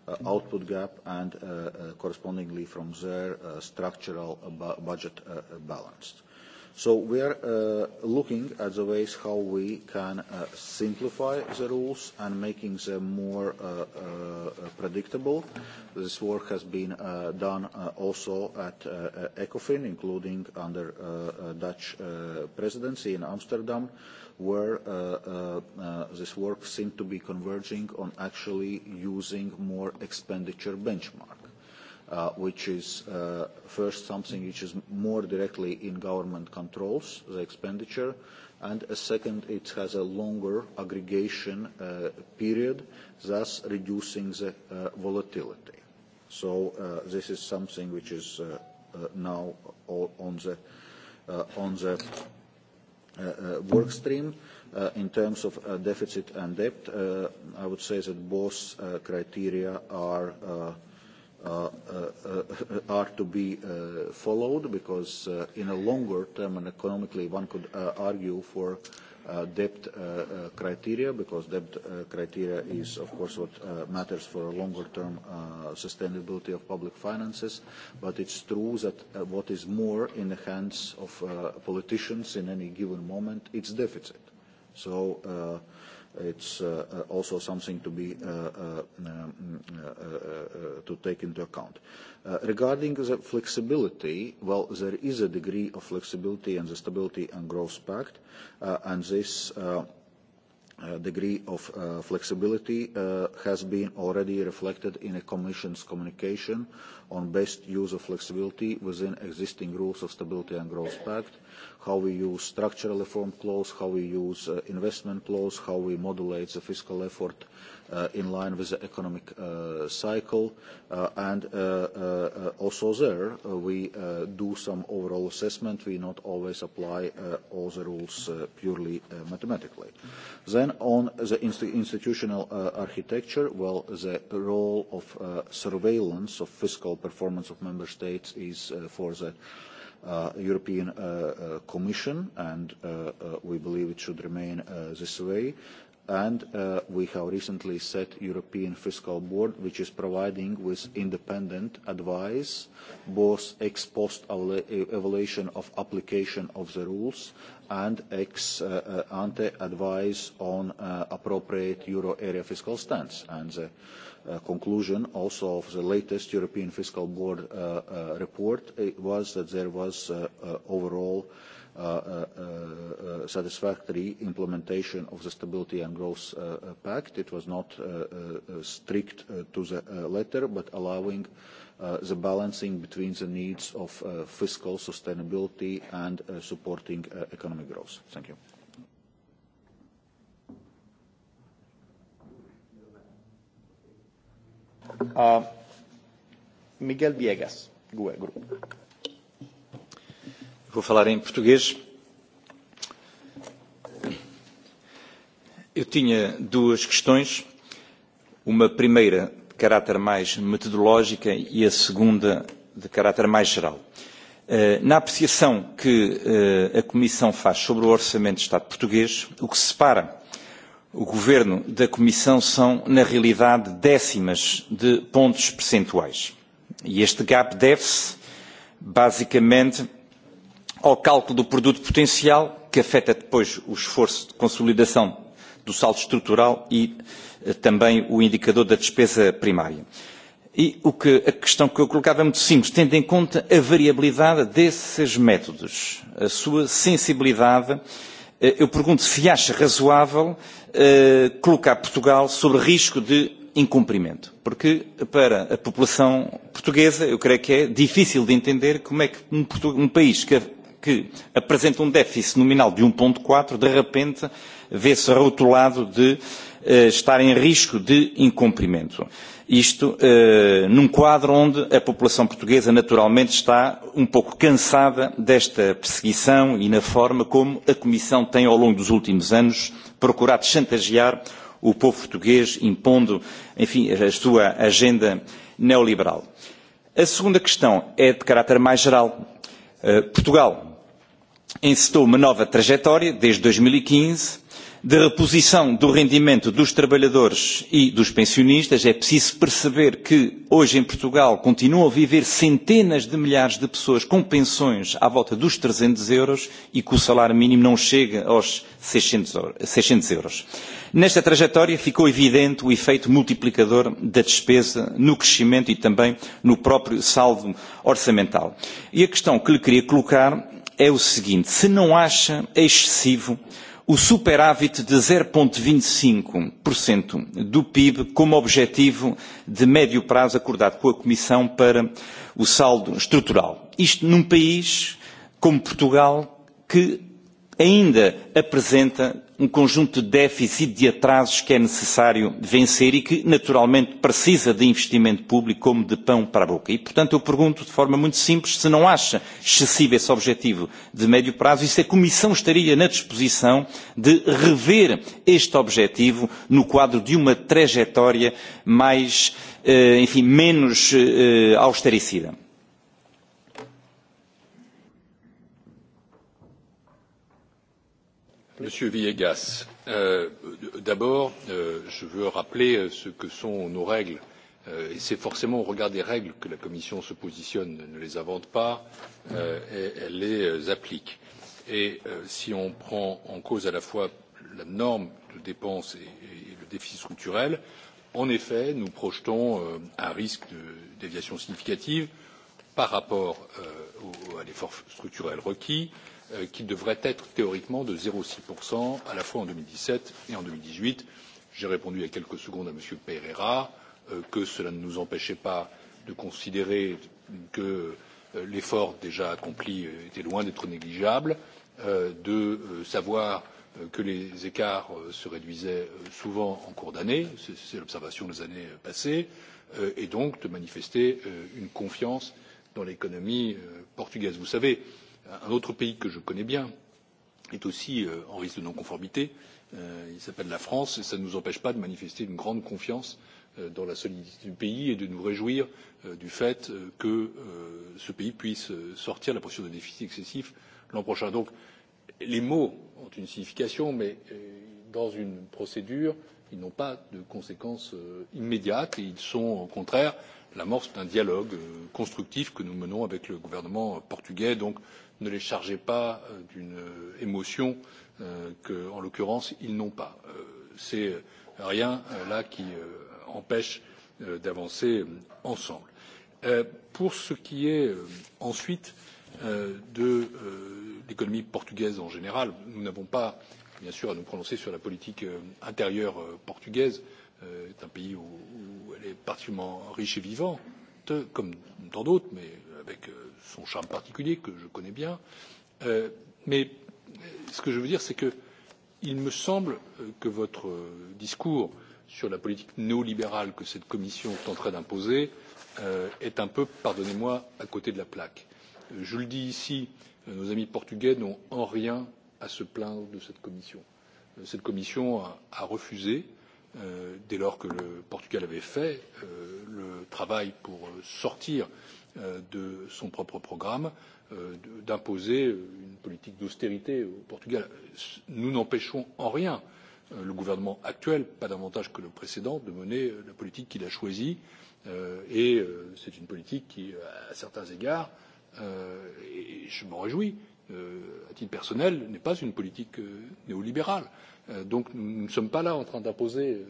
Uh, output gap and uh, uh, correspondingly from there structural budget balance. So we are uh, looking at the ways how we can uh, simplify the rules and making them more uh, uh predictable. This work has been uh, done uh, also at ECOFIN, including under Dutch presidency in Amsterdam, where this work seemed to be converging on actually using more expenditure benchmark Uh, which is uh, first something which is more directly in government controls, the expenditure, and a second, it has a longer aggregation uh, period, thus reducing the uh, volatility. So uh, this is something which is uh, uh, now on the, uh, on the uh, uh, work stream. Uh, in terms of uh, deficit and debt, uh, I would say that both uh, criteria are uh, Uh, uh, uh, are to be uh, followed because uh, in a longer term and economically one could uh, argue for uh, debt uh, uh, criteria because debt uh, criteria is of course what uh, matters for a longer term uh, sustainability of public finances but it's true that uh, what is more in the hands of uh, politicians in any given moment it's deficit so uh, it's uh, uh, also something to be uh, uh, mm, mm, uh, uh to take into account. regarding the flexibility, well, there is a degree of flexibility in the Stability and Growth Pact, and this Uh, degree of uh, flexibility uh, has been already reflected in the Commission's communication on best use of flexibility within existing rules of Stability and Growth Pact, how we use structural reform clause, how we use investment clause, how we modulate the fiscal effort Uh, in line with the economic uh, cycle. Uh, and also there, we do some overall assessment. We not always apply all the rules purely mathematically. Then on the institutional architecture, well, the role of surveillance of fiscal performance of member states is for the Uh, European uh, uh, Commission, and we believe it should remain this way and uh, we have recently set European Fiscal Board, which is providing with independent advice, both ex post evaluation of application of the rules and ex uh, uh, ante advice on appropriate euro area fiscal stance. the conclusion also of the latest European Fiscal Board report was that there was overall satisfactory implementation of the Stability and Growth uh, Pact. It was not uh, uh, strict to the letter, but allowing the balancing between the needs of fiscal sustainability and supporting economic growth. Thank you. Uh, Miguel Viegas, GUE Group. Vou falar em português. Eu tinha duas questões. Uma primeira de caráter mais metodológica e a segunda de caráter mais geral. Eh, na apreciação que eh, a Comissão faz sobre o Orçamento de Estado português, o que separa o Governo da Comissão são, na realidade, décimas de pontos percentuais. E este gap deve-se, basicamente, ao cálculo do produto potencial, que afeta depois o esforço de consolidação do saldo estrutural e eh, também o indicador da despesa primária. E o que, a questão que eu colocava é muito simples, tendo em conta a variabilidade desses métodos, a sua sensibilidade, eh, eu pergunto se acha razoável eh, colocar Portugal sobre risco de incumprimento. Porque para a população portuguesa, eu creio que é difícil de entender como é que um, um país que que apresenta um déficit nominal de 1,4, um de repente vê-se rotulado de uh, estar em risco de incumprimento. Isto uh, num quadro onde a população portuguesa naturalmente está um pouco cansada desta perseguição e na forma como a Comissão tem ao longo dos últimos anos procurado chantagear o povo português impondo, enfim, a sua agenda neoliberal. A segunda questão é de caráter mais geral. Eh, Portugal encetou uma nova trajetória, desde dois mil e quinze de reposição do rendimento dos trabalhadores e dos pensionistas. É preciso perceber que hoje em Portugal continuam a viver centenas de milhares de pessoas com pensões à volta dos trezentos euros e que o salário mínimo não chega aos 600 euros. Nesta trajetória ficou evidente o efeito multiplicador da despesa no crescimento e também no próprio saldo orçamental. E a questão que lhe queria colocar é o seguinte se não acha excessivo o superávit de zero vinte e cinco do pib como objetivo de médio prazo acordado com a comissão para o saldo estrutural isto num país como portugal que ainda apresenta um conjunto de déficit de atrasos que é necessário vencer e que, naturalmente, precisa de investimento público como de pão para a boca. E, portanto, eu pergunto de forma muito simples se não acha excessivo esse objetivo de médio prazo e se a Comissão estaria na disposição de rever este objetivo no quadro de uma trajetória mais, eh, enfim, menos eh, austericida. monsieur villegas euh, d'abord euh, je veux rappeler euh, ce que sont nos règles et c'est forcément au regard des règles que la commission se positionne elle ne les invente pas elle les applique et si on prend en cause à la fois la norme de dépenses et, le déficit structurel en effet nous projetons un risque de déviation significative par rapport à l'effort structurel requis Euh, qui devrait être théoriquement de zéro six à la fois en deux mille dix sept et en. deux mille dix huit j'ai répondu il y a quelques secondes à m. pereira euh, que cela ne nous empêchait pas de considérer que euh, l'effort déjà accompli était loin d'être négligeable de savoir que les écarts se réduisaient souvent en cours d'année c'est l'observation des années passées et donc de manifester une confiance dans l'économie portugaise. vous savez un autre pays que je connais bien est aussi euh, en risque de non conformité euh, il s'appelle la france et cela ne nous empêche pas de manifester une grande confiance euh, dans la solidité du pays et de nous réjouir du fait que ce pays puisse sortir de la procédure de déficit excessif l'an prochain. donc les mots ont une signification mais dans une procédure ils n'ont pas de conséquences immédiates et ils sont au contraire l'amorce d'un dialogue constructif que nous menons avec le gouvernement portugais. donc ne les chargez pas euh, d'une euh, émotion euh, qu'en l'occurrence ils n'ont pas. c'est rien là qui empêche d'avancer ensemble. pour ce qui est ensuite de l'économie portugaise en général nous n'avons pas bien sûr à nous prononcer sur la politique intérieure portugaise c'est un pays où elle est particulièrement riche et vivante comme dans d'autres mais avec euh, son charme particulier que je connais bien euh, mais ce que je veux dire c'est qu'il me semble euh, que votre discours sur la politique néolibérale que cette commission tenterait d'imposer est un peu pardonnez moi à côté de la plaque. je le dis ici nos amis portugais n'ont en rien à se plaindre de cette commission. cette commission a refusé dès lors que le portugal avait fait le travail pour sortir Euh, de son propre programme euh, d'imposer une politique d'austérité au portugal. nous n'empêchons en rien euh, le gouvernement actuel pas davantage que le précédent de mener la politique qu'il a choisie et c'est une politique qui à certains égards et je m'en réjouis à titre personnel n'est pas une politique néolibérale. donc nous ne sommes pas là en train d'imposer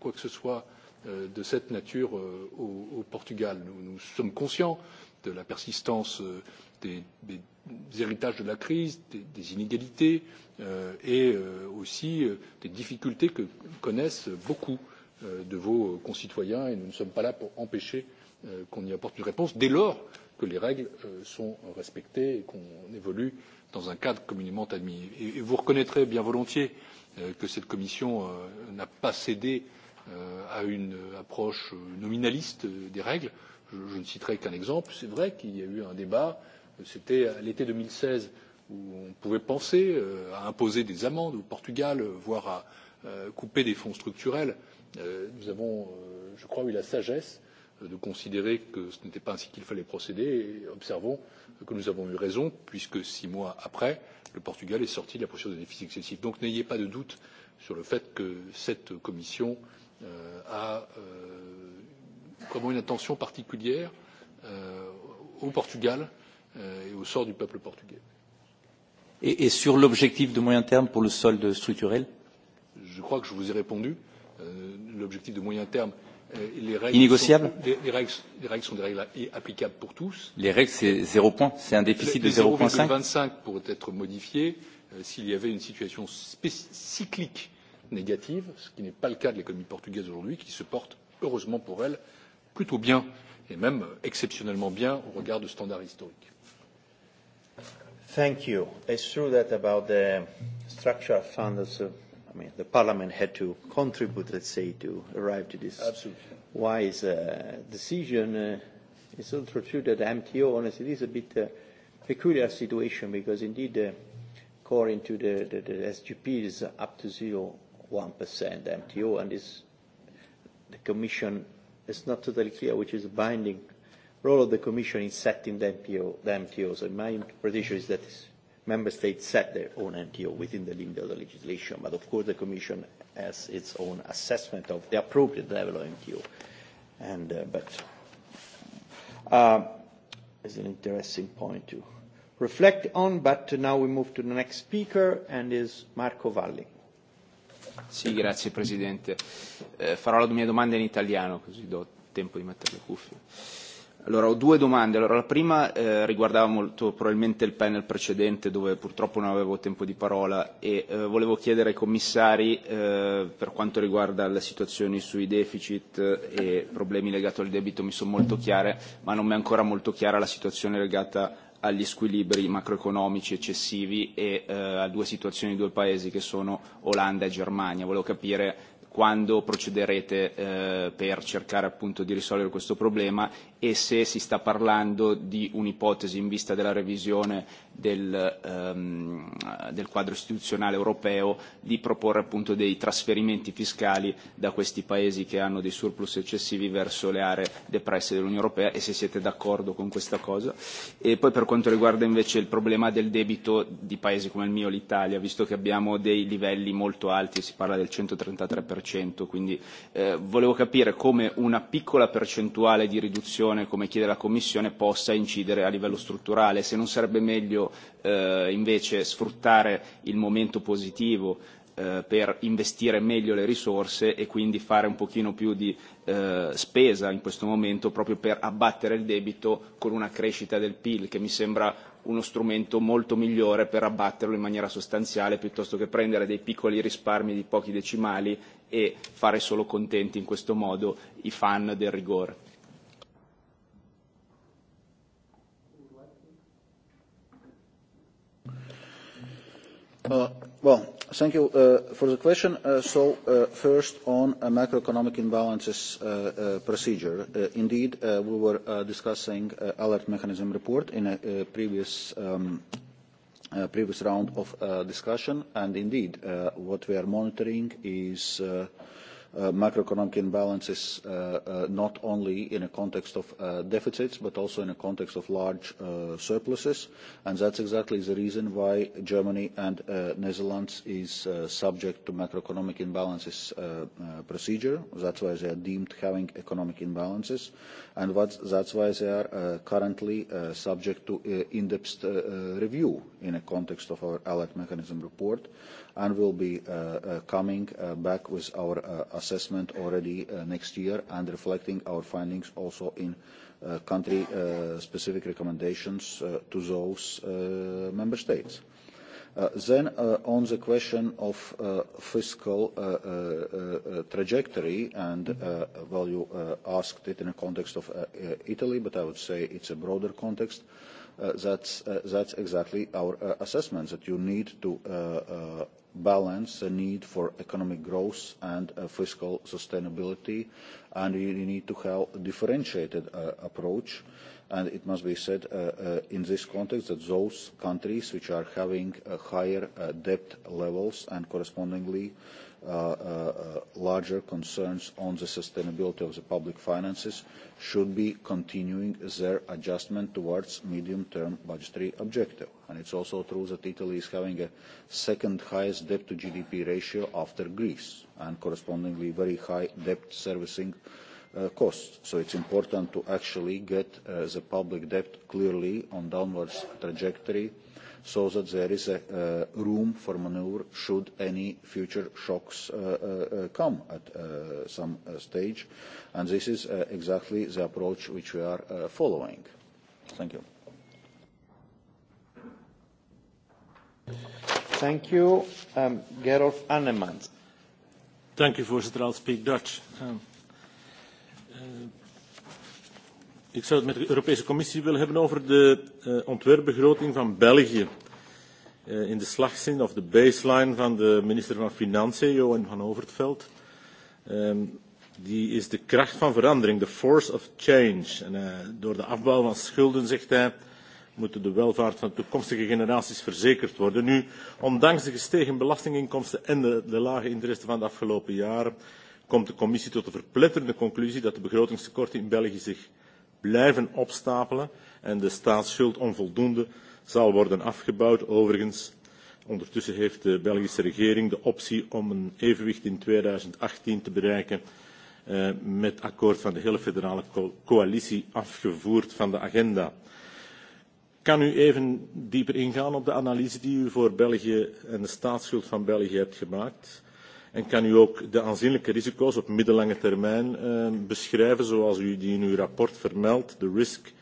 quoi que ce soit Euh, de cette nature euh, au, Portugal. Nous, sommes conscients de la persistance euh, des, héritages de la crise, des, des inégalités et aussi des difficultés que connaissent beaucoup de vos concitoyens et nous ne sommes pas là pour empêcher qu'on y apporte une réponse dès lors que les règles sont respectées et qu'on évolue dans un cadre communément admis. Et vous reconnaîtrez bien volontiers que cette commission n'a pas cédé Euh, à une approche nominaliste des règles. je, ne citerai qu'un exemple c'est vrai qu'il y a eu un débat c'était à l'été deux mille seize où on pouvait penser euh, à imposer des amendes au portugal voire à euh, couper des fonds structurels. nous avons je crois eu la sagesse de considérer que ce n'était pas ainsi qu'il fallait procéder et observons que nous avons eu raison puisque six mois après le portugal est sorti de la procédure de déficit excessif. donc n'ayez pas de doute sur le fait que cette commission Euh, a vraiment euh, une attention particulière euh, au portugal et au sort du peuple portugais. et sur l'objectif de moyen terme pour le solde structurel je crois que je vous ai répondu l'objectif de moyen terme les règles sont, les, les, règles, les règles sont des règles applicables pour tous. les règles c'est zéro point c'est un déficit les, de zéro vingt cinq pourrait être modifié euh, s'il y avait une situation cyclique négative ce qui n'est pas le cas de l'économie portugaise aujourd'hui qui se porte heureusement pour elle plutôt bien et même exceptionnellement bien au regard de standards historiques. Thank you. It's true that about the structural funds also, uh, I mean, the parliament had to contribute, let's say, to arrive to this Absolutely. wise uh, decision. Uh, it's also true that MTO, honestly, is a bit uh, peculiar situation because indeed uh, according to the, the, the SGP is up to zero 1% MTO, and is, the Commission it's not totally clear which is the binding role of the Commission in setting the, MTO, the MTOs. So my interpretation is that member states set their own MTO within the limit of the legislation, but of course the Commission has its own assessment of the appropriate level of MTO. And, uh, but uh, it's an interesting point to reflect on, but now we move to the next speaker, and is Marco Valli. Sì, grazie Presidente. Eh, farò la mia domanda in italiano così do tempo di mettere le cuffie. Allora, ho due domande. Allora, la prima eh, riguardava molto probabilmente il panel precedente dove purtroppo non avevo tempo di parola e eh, volevo chiedere ai commissari eh, per quanto riguarda le situazioni sui deficit eh, e problemi legati al debito mi sono molto chiare, ma non mi è ancora molto chiara la situazione legata agli squilibri macroeconomici eccessivi e eh, a due situazioni di due paesi che sono Olanda e Germania. Volevo capire quando procederete eh, per cercare appunto di risolvere questo problema e se si sta parlando di un'ipotesi in vista della revisione del, ehm, del quadro istituzionale europeo di proporre appunto dei trasferimenti fiscali da questi paesi che hanno dei surplus eccessivi verso le aree depresse dell'Unione Europea e se siete d'accordo con questa cosa. E poi per quanto riguarda invece il problema del debito di paesi come il mio, l'Italia, visto che abbiamo dei livelli molto alti, si parla del 133%, quindi eh, volevo capire come una piccola percentuale di riduzione decisione, come chiede la Commissione, possa incidere a livello strutturale, se non sarebbe meglio eh, invece sfruttare il momento positivo eh, per investire meglio le risorse e quindi fare un pochino più di eh, spesa in questo momento proprio per abbattere il debito con una crescita del PIL che mi sembra uno strumento molto migliore per abbatterlo in maniera sostanziale piuttosto che prendere dei piccoli risparmi di pochi decimali e fare solo contenti in questo modo i fan del rigore. Uh, well, thank you uh, for the question. Uh, so, uh, first on a uh, macroeconomic imbalances uh, uh, procedure. Uh, indeed, uh, we were uh, discussing uh, alert mechanism report in a, a uh, previous um, previous round of uh, discussion, and indeed, uh, what we are monitoring is. Uh, Uh, macroeconomic imbalances uh, uh, not only in a context of uh, deficits but also in a context of large uh, surpluses and that's exactly the reason why Germany and uh, Netherlands is uh, subject to macroeconomic imbalances procedure that's why they are deemed having economic imbalances and that's why they are currently subject to in-depth review in the context of our alert mechanism report and will be coming back with our assessment already uh, next year and reflecting our findings also in uh, country-specific uh, recommendations to those member states. then uh, on the question of uh, fiscal uh, uh, trajectory, and uh, well, you uh, asked it in the context of uh, uh, Italy, but I would say it's a broader context. Uh, that's, uh, that's exactly our uh, assessment, that you need to uh, balance the need for economic growth and uh, fiscal sustainability, and we need to have a differentiated uh, approach. And it must be said uh, uh, in this context that those countries which are having uh, higher uh, debt levels and correspondingly uh, uh, larger concerns on the sustainability of the public finances should be continuing their adjustment towards medium-term budgetary objective and it's also true that Italy is having a second highest debt to GDP ratio after Greece and correspondingly very high debt servicing uh, costs. So it's important to actually get uh, the public debt clearly on downwards trajectory so that there is a uh, room for manoeuvre should any future shocks uh, uh, uh come at uh, some uh, stage. and This is exactly the approach which we are following. Thank you. Um, voorzitter. Um, uh, ik zou het met de Europese Commissie willen hebben over de uh, ontwerpbegroting van België. Uh, in de slagzin of de baseline van de minister van Financiën, Johan van Overtveld. Um, die is de kracht van verandering, the force of change. door de afbouw van schulden, zegt hij, moeten de welvaart van toekomstige generaties verzekerd worden. Nu, ondanks de gestegen belastinginkomsten en de, de lage interesse van de afgelopen jaren, komt de commissie tot de verpletterende conclusie dat de begrotingstekorten in België zich blijven opstapelen en de staatsschuld onvoldoende zal worden afgebouwd. Overigens, ondertussen heeft de Belgische regering de optie om een evenwicht in 2018 te bereiken eh, met akkoord van de hele federale coalitie afgevoerd van de agenda kan u even dieper ingaan op de analyse die u voor België en de staatsschuld van België hebt gemaakt? En kan u ook de aanzienlijke risico's op middellange termijn eh, beschrijven, zoals u die in uw rapport vermeldt, de risk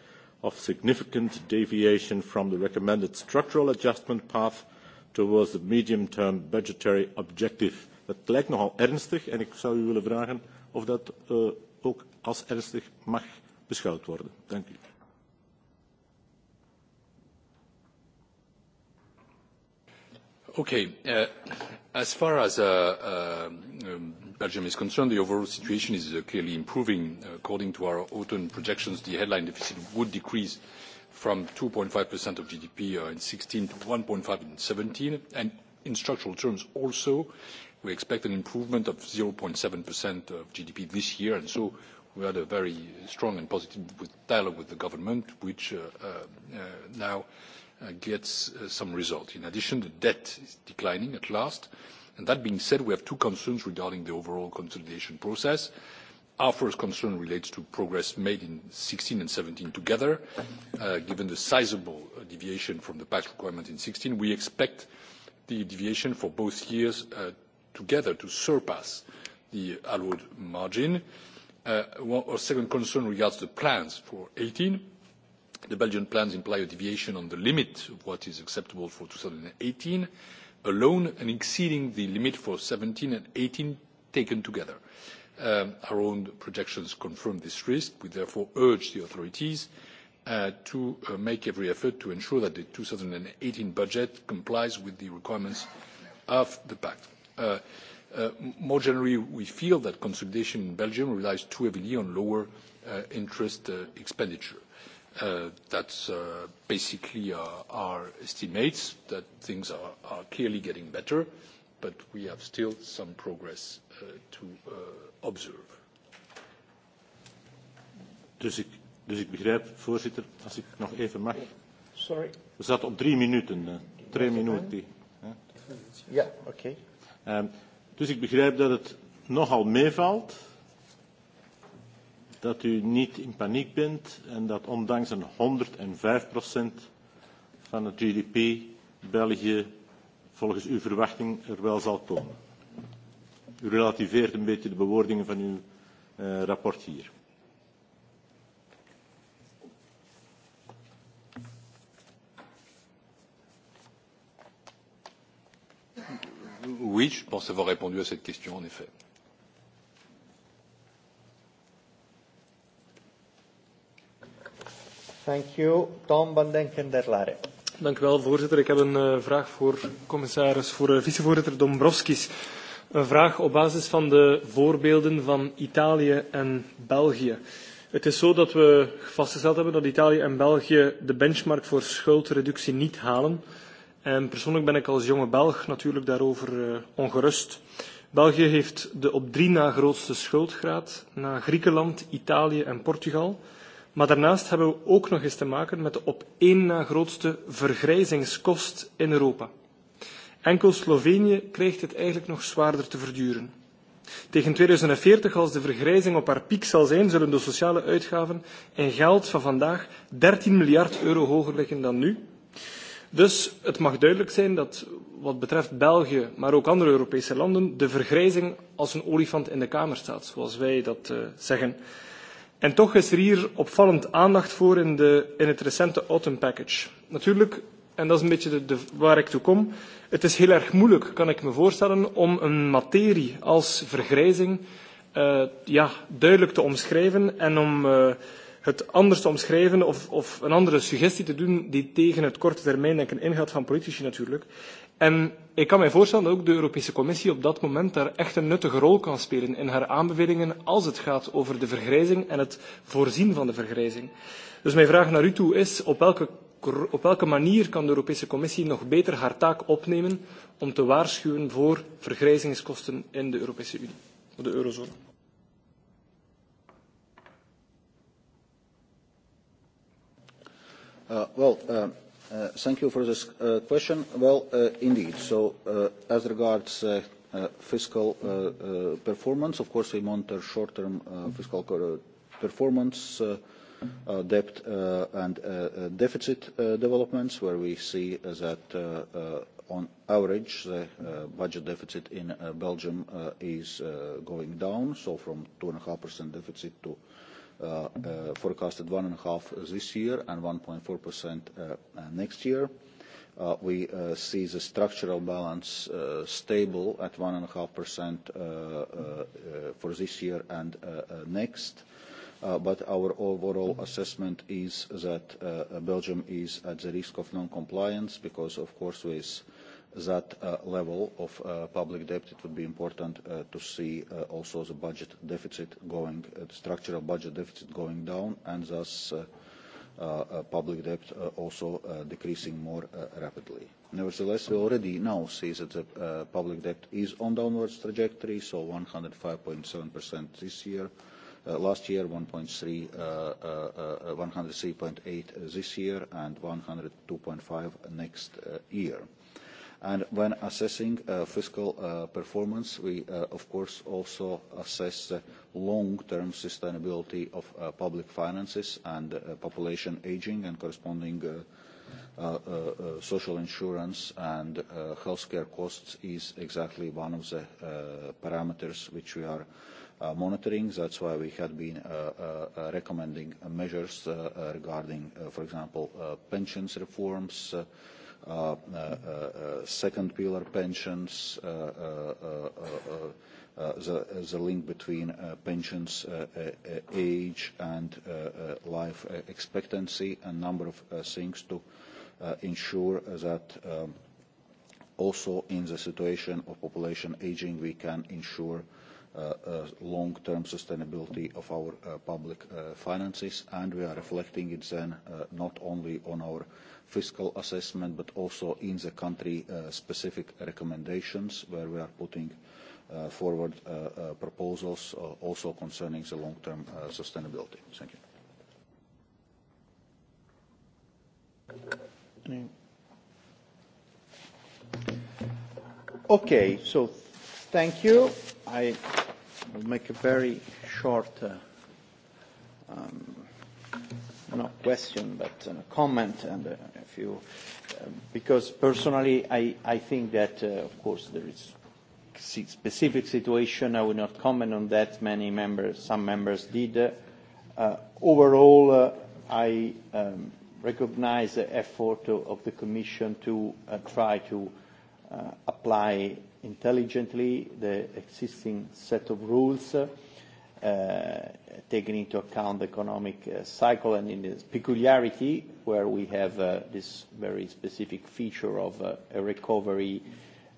of significant deviation from the recommended structural adjustment path towards the medium-term budgetary objective. Dat lijkt nogal ernstig en ik zou u willen vragen of dat uh, ook als ernstig mag beschouwd worden. Dank u. Okay. Uh, as far as uh, uh, um, Belgium is concerned, the overall situation is clearly improving. According to our autumn projections, the headline deficit would decrease from 2.5% of GDP in 2016 to 1.5% in 2017. And in structural terms also, we expect an improvement of 0.7% of GDP this year. And so we had a very strong and positive dialogue with the government, which now Uh, gets uh, some result. in addition the debt is declining at last and that being said we have two concerns regarding the overall consolidation process. our first concern relates to progress made in 2016 and sixteen and seventeen together. Uh, given the sizeable deviation from the pact requirement in 2016, sixteen we expect the deviation for both years together to surpass the allowed margin. our second concern regards the plans for 2018. eighteen the belgian plans imply a deviation on the limit of what is acceptable for two thousand and eighteen alone and exceeding the limit for seventeen and eighteen taken together. Uh, our own projections confirm this risk. we therefore urge the authorities uh, to uh, make every effort to ensure that the two thousand and eighteen budget complies with the requirements of the pact. more generally we feel that consolidation in belgium relies too heavily on lower interest expenditure. Uh, that's uh, basically uh, our estimates that things are, clearly getting better, but we have still some progress to observe. Dus ik, dus ik begrijp, voorzitter, als ik nog even mag. Oh, sorry. We zaten op drie minuten. Drie eh, minuten. Ja, oké. Okay. Ehm, dus ik begrijp dat het nogal meevalt dat u niet in paniek bent en dat ondanks een 105 procent van het GDP België volgens uw verwachting er wel zal komen. U relativeert een beetje de bewoordingen van uw eh, rapport hier. Oui, je pense avoir répondu à cette question en effet. Thank you. Tom van Denken der Lare. Dank u wel, voorzitter. Ik heb een eh, vraag voor commissaris, voor eh, vicevoorzitter Dombrovskis. Een vraag op basis van de voorbeelden van Italië en België. Het is zo dat we vastgesteld hebben dat Italië en België de benchmark voor schuldreductie niet halen. En persoonlijk ben ik als jonge Belg natuurlijk daarover eh, ongerust. België heeft de op drie na grootste schuldgraad na Griekenland, Italië en Portugal. Maar daarnaast hebben we ook nog eens te maken met de op één na grootste vergrijzingskost in Europa. Enkel Slovenië krijgt het eigenlijk nog zwaarder te verduren. Tegen 2040, als de vergrijzing op haar piek zal zijn, zullen de sociale uitgaven in geld van vandaag 13 miljard euro hoger liggen dan nu. Dus het mag duidelijk zijn dat wat betreft België, maar ook andere Europese landen, de vergrijzing als een olifant in de kamer staat, zoals wij dat uh, zeggen. En toch is er hier opvallend aandacht voor in, de, in het recente Autumn Package. Natuurlijk, en dat is een beetje de, de, waar ik toe kom, het is heel erg moeilijk, kan ik me voorstellen, om een materie als vergrijzing uh, ja, duidelijk te omschrijven en om uh, het anders te omschrijven of, of een andere suggestie te doen die tegen het korte termijn denken ingaat van politici natuurlijk. En ik kan mij voorstellen dat ook de Europese Commissie op dat moment daar echt een nuttige rol kan spelen in haar aanbevelingen als het gaat over de vergrijzing en het voorzien van de vergrijzing. Dus mijn vraag naar u toe is, op welke, op welke manier kan de Europese Commissie nog beter haar taak opnemen om te waarschuwen voor vergrijzingskosten in de Europese Unie, de eurozone? Uh, well, uh... Uh, thank you for this uh, question. Well, uh, indeed. So, as regards fiscal performance, of course, we monitor short-term fiscal performance, debt, and deficit developments, where we see that on average, the budget deficit in Belgium is going down, so from 2.5% deficit to uh, uh, forecasted 1.5% this year and 1.4% uh, uh, next year. Uh, we uh, see the structural balance uh, stable at 1.5% uh, uh, for this year and uh next. But Our overall assessment is that uh Belgium is at the risk of non-compliance because, of course, with that uh, level of uh, public debt, it would be important uh, to see uh, also the budget deficit going, uh, the structural budget deficit going down, and thus uh, public debt also decreasing more rapidly. Nevertheless, we already now see that the public debt is on downwards trajectory, so 105.7% this year. Last year, 1.3, 103.8 this year, and 102.5 next year. And when assessing uh, fiscal uh, performance, we uh, of course also assess the long-term sustainability of public finances and population aging and corresponding social insurance and healthcare costs is exactly one of the parameters which we are monitoring. That's why we had been recommending measures regarding, for example, pensions reforms, Uh, uh, uh, second pillar pensions, the, the link between pensions age and life expectancy, a number of things to ensure that um, also in the situation of population aging, we can ensure uh, uh, long-term sustainability of our uh, public finances, and we are reflecting it then not only on our fiscal assessment, but also in the country-specific uh, recommendations, where we are putting uh, forward uh, uh proposals uh, also concerning the long-term sustainability. Thank you. Okay, so thank you. I will make a very short um, not question, but uh, comment and uh, a few, um, because personally I, I think that, uh, of course, there is specific situation. I will not comment on that. Many members, some members did. Uh, overall, uh, I um, recognize the effort of the Commission to uh, try to uh, apply intelligently the existing set of rules. Uh, uh, taking into account the economic uh, cycle and in its peculiarity, where we have uh, this very specific feature of uh, a recovery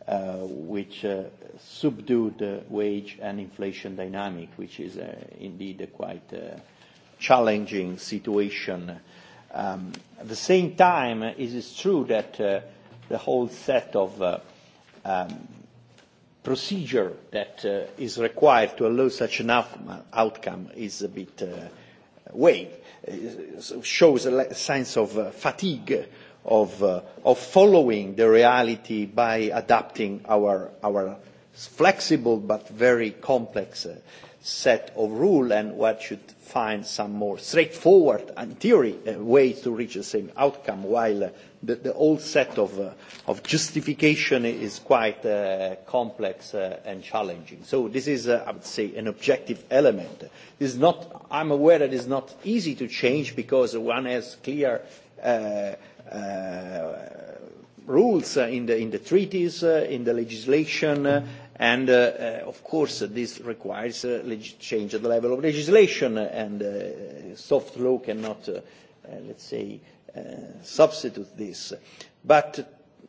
uh, which uh, subdued the wage and inflation dynamic, which is uh, indeed a quite uh, challenging situation. Um, at the same time, it is true that uh, the whole set of uh, um, procedure that uh, is required to allow such an outcome is a bit uh, vague, it shows a sense of uh, fatigue of, uh, of following the reality by adapting our, our flexible but very complex uh, set of rules and what should find some more straightforward and theory uh, ways to reach the same outcome while uh, the, the whole set of, uh, of justification is quite uh, complex uh, and challenging. So this is, uh, I would say, an objective element. This is not, I'm aware that it's not easy to change because one has clear uh, uh, rules uh, in, the, in the treaties, uh, in the legislation, uh, and uh, uh, of course uh, this requires a uh, leg- change at the level of legislation, uh, and uh, soft law cannot, uh, uh, let's say, uh, Uh, substitute this. But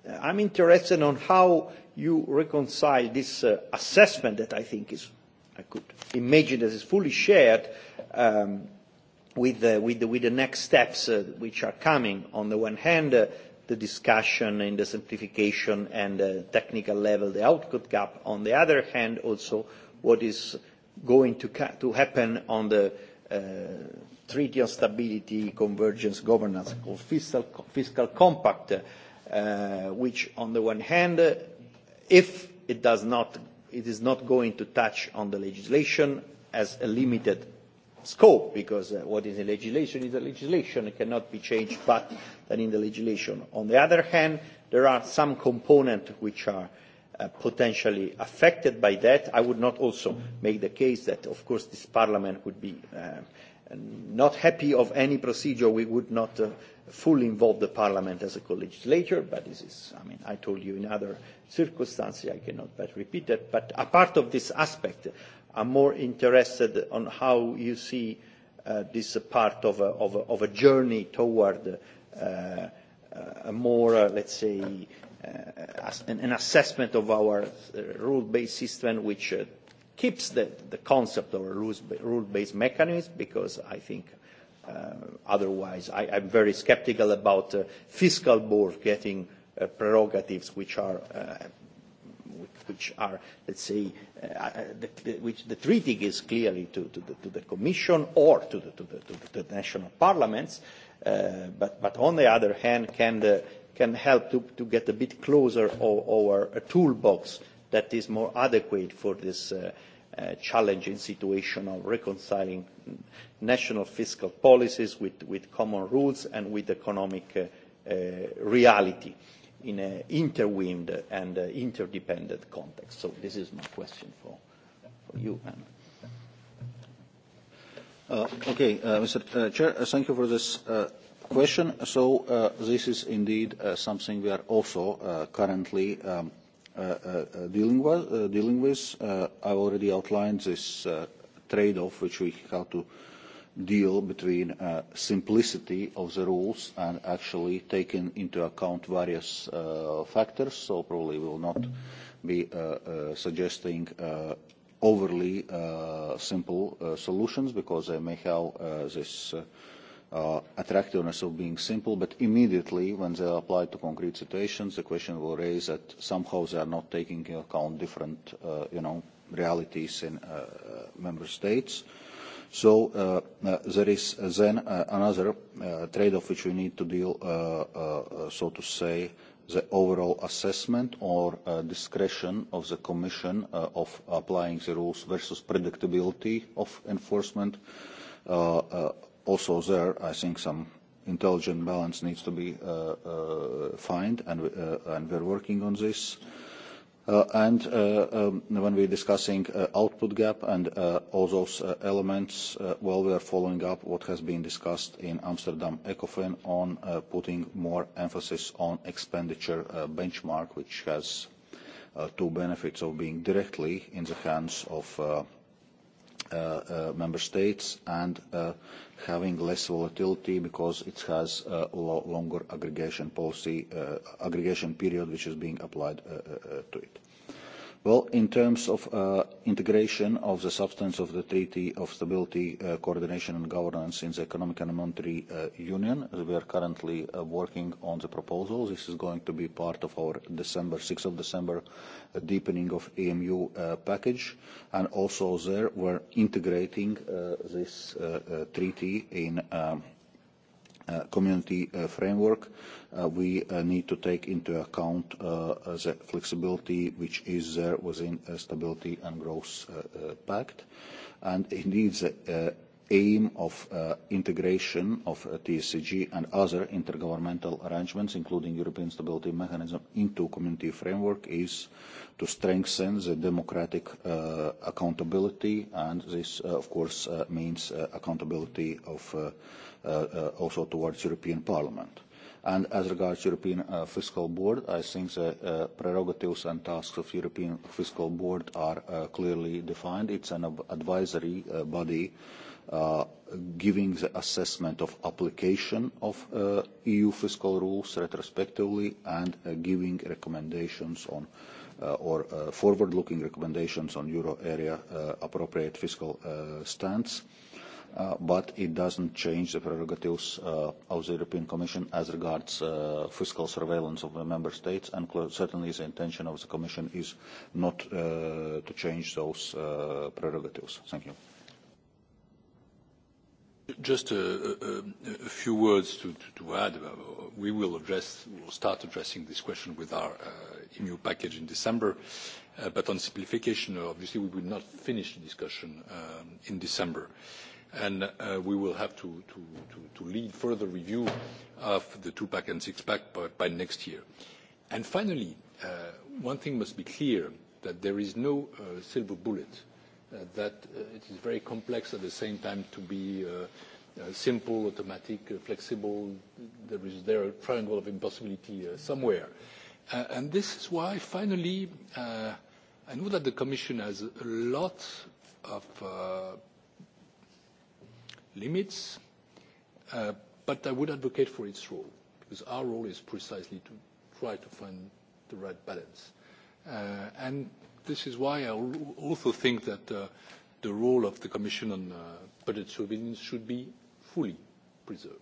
uh, I'm interested on how you reconcile this uh, assessment that I think is, I could imagine that is fully shared um, with, the, uh, with, the, with the next steps uh, which are coming. On the one hand, uh, the discussion in the simplification and uh, technical level, the output gap. On the other hand, also what is going to, ca- to happen on the uh, Treaty on Stability, Convergence, Governance, called Fiscal, fiscal Compact, uh, which on the one hand, uh, if it does not, it is not going to touch on the legislation as a limited scope, because uh, what is a legislation is a legislation, it cannot be changed but than in the legislation. On the other hand, there are some components which are uh, Uh, potentially affected by that. I would not also make the case that, of course, this Parliament would be uh, not happy of any procedure. We would not uh, fully involve the Parliament as a co-legislator, but this is, I mean, I told you in other circumstances, I cannot but repeat that. But apart of this aspect, I'm more interested on how you see uh, this part of a, of a, of a journey toward uh, a more, uh, let's say, Uh, an assessment of our uh, rule-based system, which uh, keeps the, the concept of a rule-based mechanism, because I think uh, otherwise I, I'm very skeptical about uh, fiscal board getting uh, prerogatives which are, uh, which are, let's say, uh, the, which the treaty gives clearly to, to, the, to the Commission or to the, to the, to the, to the national parliaments. Uh, but, but on the other hand, can the can help to, to get a bit closer or, a uh, toolbox that is more adequate for this uh, uh, challenging situation of reconciling national fiscal policies with, with common rules and with economic uh, uh reality in an interwined and uh, interdependent context. So this is my question for, for you, Anna. Okay, Mr. Chair, thank you for this question. So uh, this is indeed uh, something we are also uh, currently um, uh, uh, uh dealing with. Uh, dealing with. Uh, I already outlined this uh, trade-off which we have to deal between uh, simplicity of the rules and actually taking into account various uh, factors. So probably we will not be uh, uh, suggesting uh, overly uh, simple uh, solutions because they may have uh, this uh, uh, attractiveness of being simple, but immediately when they are applied to concrete situations, the question will raise that somehow they are not taking into account different, uh, you know, realities in uh, uh member states. So uh, uh, there is then uh, another uh, trade-off which we need to deal, uh, uh, uh, so to say, the overall assessment or uh, discretion of the Commission uh, of applying the rules versus predictability of enforcement. Uh, uh, also there, I think some intelligent balance needs to be uh, uh, found, and, uh, and we're working on this. Uh, and uh, um, when we're discussing uh, output gap and uh, all those uh, elements, uh, well, we are following up what has been discussed in Amsterdam Ecofin on putting more emphasis on expenditure benchmark, which has two benefits of being directly in the hands of Uh, uh, member states and uh, having less volatility because it has a longer aggregation policy, aggregation period which is being applied to it. Well, in terms of uh, integration of the substance of the Treaty of Stability, uh, Coordination and Governance in the Economic and Monetary uh, Union, we are currently uh, working on the proposal. This is going to be part of our December, 6th of December, uh, deepening of EMU uh, package. And also there, we're integrating uh, this uh, uh, treaty in um, Uh, community uh, framework, uh, we need to take into account the flexibility which is there within the Stability and Growth Pact. And indeed, the aim of integration of TSCG and other intergovernmental arrangements, including European Stability Mechanism, into community framework is to strengthen the democratic accountability, and this, of course, means accountability of Uh, uh, also towards European Parliament. And as regards European uh, Fiscal Board, I think the uh, prerogatives and tasks of European Fiscal Board are uh, clearly defined. It's an advisory uh, body uh, giving the assessment of application of uh, EU fiscal rules retrospectively and uh, giving recommendations on uh, or uh, forward-looking recommendations on euro area uh, appropriate fiscal uh, stance. Uh, Uh, but it doesn't change the prerogatives uh, of the European Commission as regards uh, fiscal surveillance of the member states, and certainly the intention of the Commission is not uh, to change those uh, prerogatives. Thank you. Just a, a, a few words to, to, to add. We will address, we'll start addressing this question with our EMU package in December. But on simplification, obviously, we will not finish the discussion um, in December and uh, we will have to, to, to, to lead further review of the two pack and six pack by, next year. And finally uh, one thing must be clear that there is no uh, silver bullet uh, that uh, it is very complex at the same time to be uh, simple automatic flexible there is there a triangle of impossibility somewhere and this is why finally i know that the commission has a lot of limits, uh, but I would advocate for its role, because our role is precisely to try to find the right balance. Uh, and this is why I also think that uh, the role of the Commission on uh, budget surveillance should be fully preserved.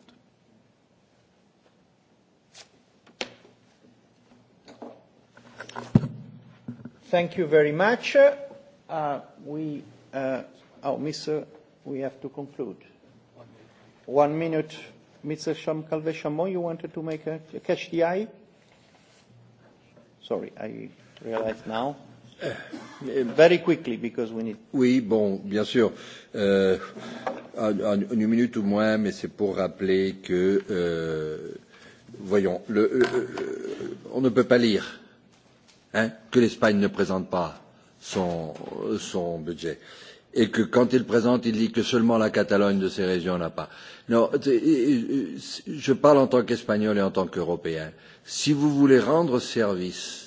Thank you very much. Uh, we, uh, oh, Mr. We have to conclude. One minute, Mr. Sham you wanted to make a, a catch the eye? Sorry, I realize now. Eh. Uh, very quickly, because we need... Oui, bon, bien sûr. Euh, en, en une minute ou moins, mais c'est pour rappeler que, euh, voyons, le, le, euh, on ne peut pas lire hein, que l'Espagne ne présente pas son, son budget. Euh, et que quand il présente, il dit que seulement la Catalogne de ces régions n'a pas. Non, je parle en tant qu'Espagnol et en tant qu'Européen. Si vous voulez rendre service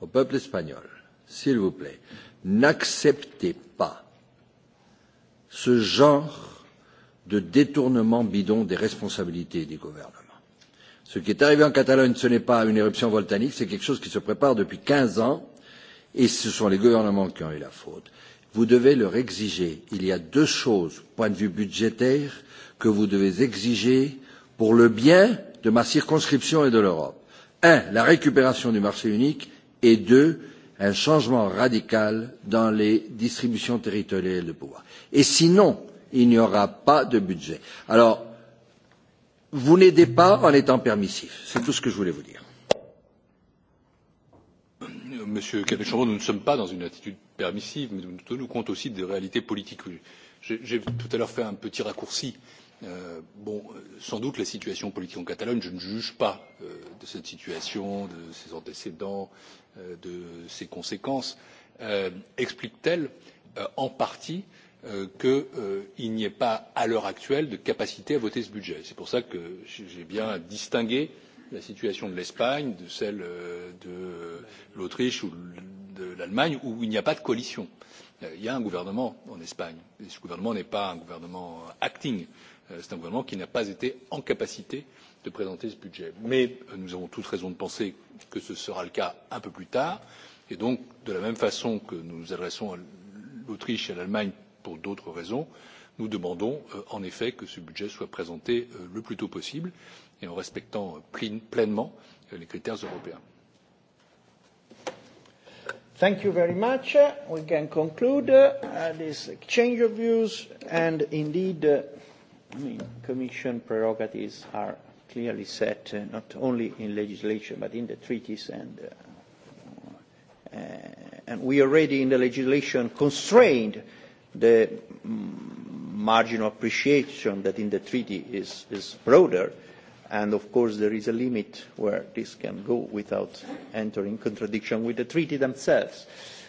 au peuple espagnol, s'il vous plaît, n'acceptez pas ce genre de détournement bidon des responsabilités des gouvernements. Ce qui est arrivé en Catalogne, ce n'est pas une éruption volcanique, c'est quelque chose qui se prépare depuis quinze ans, et ce sont les gouvernements qui ont eu la faute vous devez leur exiger il y a deux choses du point de vue budgétaire que vous devez exiger pour le bien de ma circonscription et de l'Europe un la récupération du marché unique et deux un changement radical dans les distributions territoriales de pouvoir. Et sinon, il n'y aura pas de budget. Alors, vous n'aidez pas en étant permissif. C'est tout ce que je voulais vous dire monsieur cameron nous ne sommes pas dans une attitude permissive mais nous tenons compte aussi des réalités politiques. j'ai tout à l'heure fait un petit raccourci. Euh, sans doute la situation politique en catalogne je ne juge pas euh, de cette situation de ses antécédents euh, de ses conséquences explique t elle en partie qu'il n'y ait pas à l'heure actuelle de capacité à voter ce budget. c'est pour cela que j'ai bien distingué la situation de l'espagne de celle euh, de l'autriche ou de l'allemagne où il n'y a pas de coalition. Euh, il y a un gouvernement en espagne et ce gouvernement n'est pas un gouvernement acting euh, c'est un gouvernement qui n'a pas été en capacité de présenter ce budget. mais nous avons toute raison de penser que ce sera le cas un peu plus tard et donc de la même façon que nous nous adressons à l'autriche et à l'allemagne pour d'autres raisons nous demandons en effet que ce budget soit présenté le plus tôt possible et en respectant euh, pleinement euh, les critères européens. Thank you very much. We can conclude uh, this exchange of views, and indeed, uh, Commission prerogatives are clearly set, uh, not only in legislation, but in the treaties, and, uh, and we already in the legislation constrained the um, margin of appreciation that in the treaty is, is broader And of course, there is a limit where this can go without entering contradiction with the treaty themselves.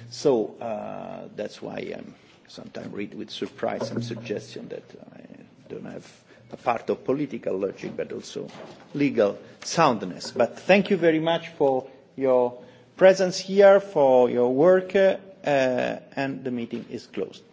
So uh, that's why I sometimes read with surprise some suggestion that I don't have a part of political logic, but also legal soundness. But thank you very much for your presence here, for your work, uh, and the meeting is closed.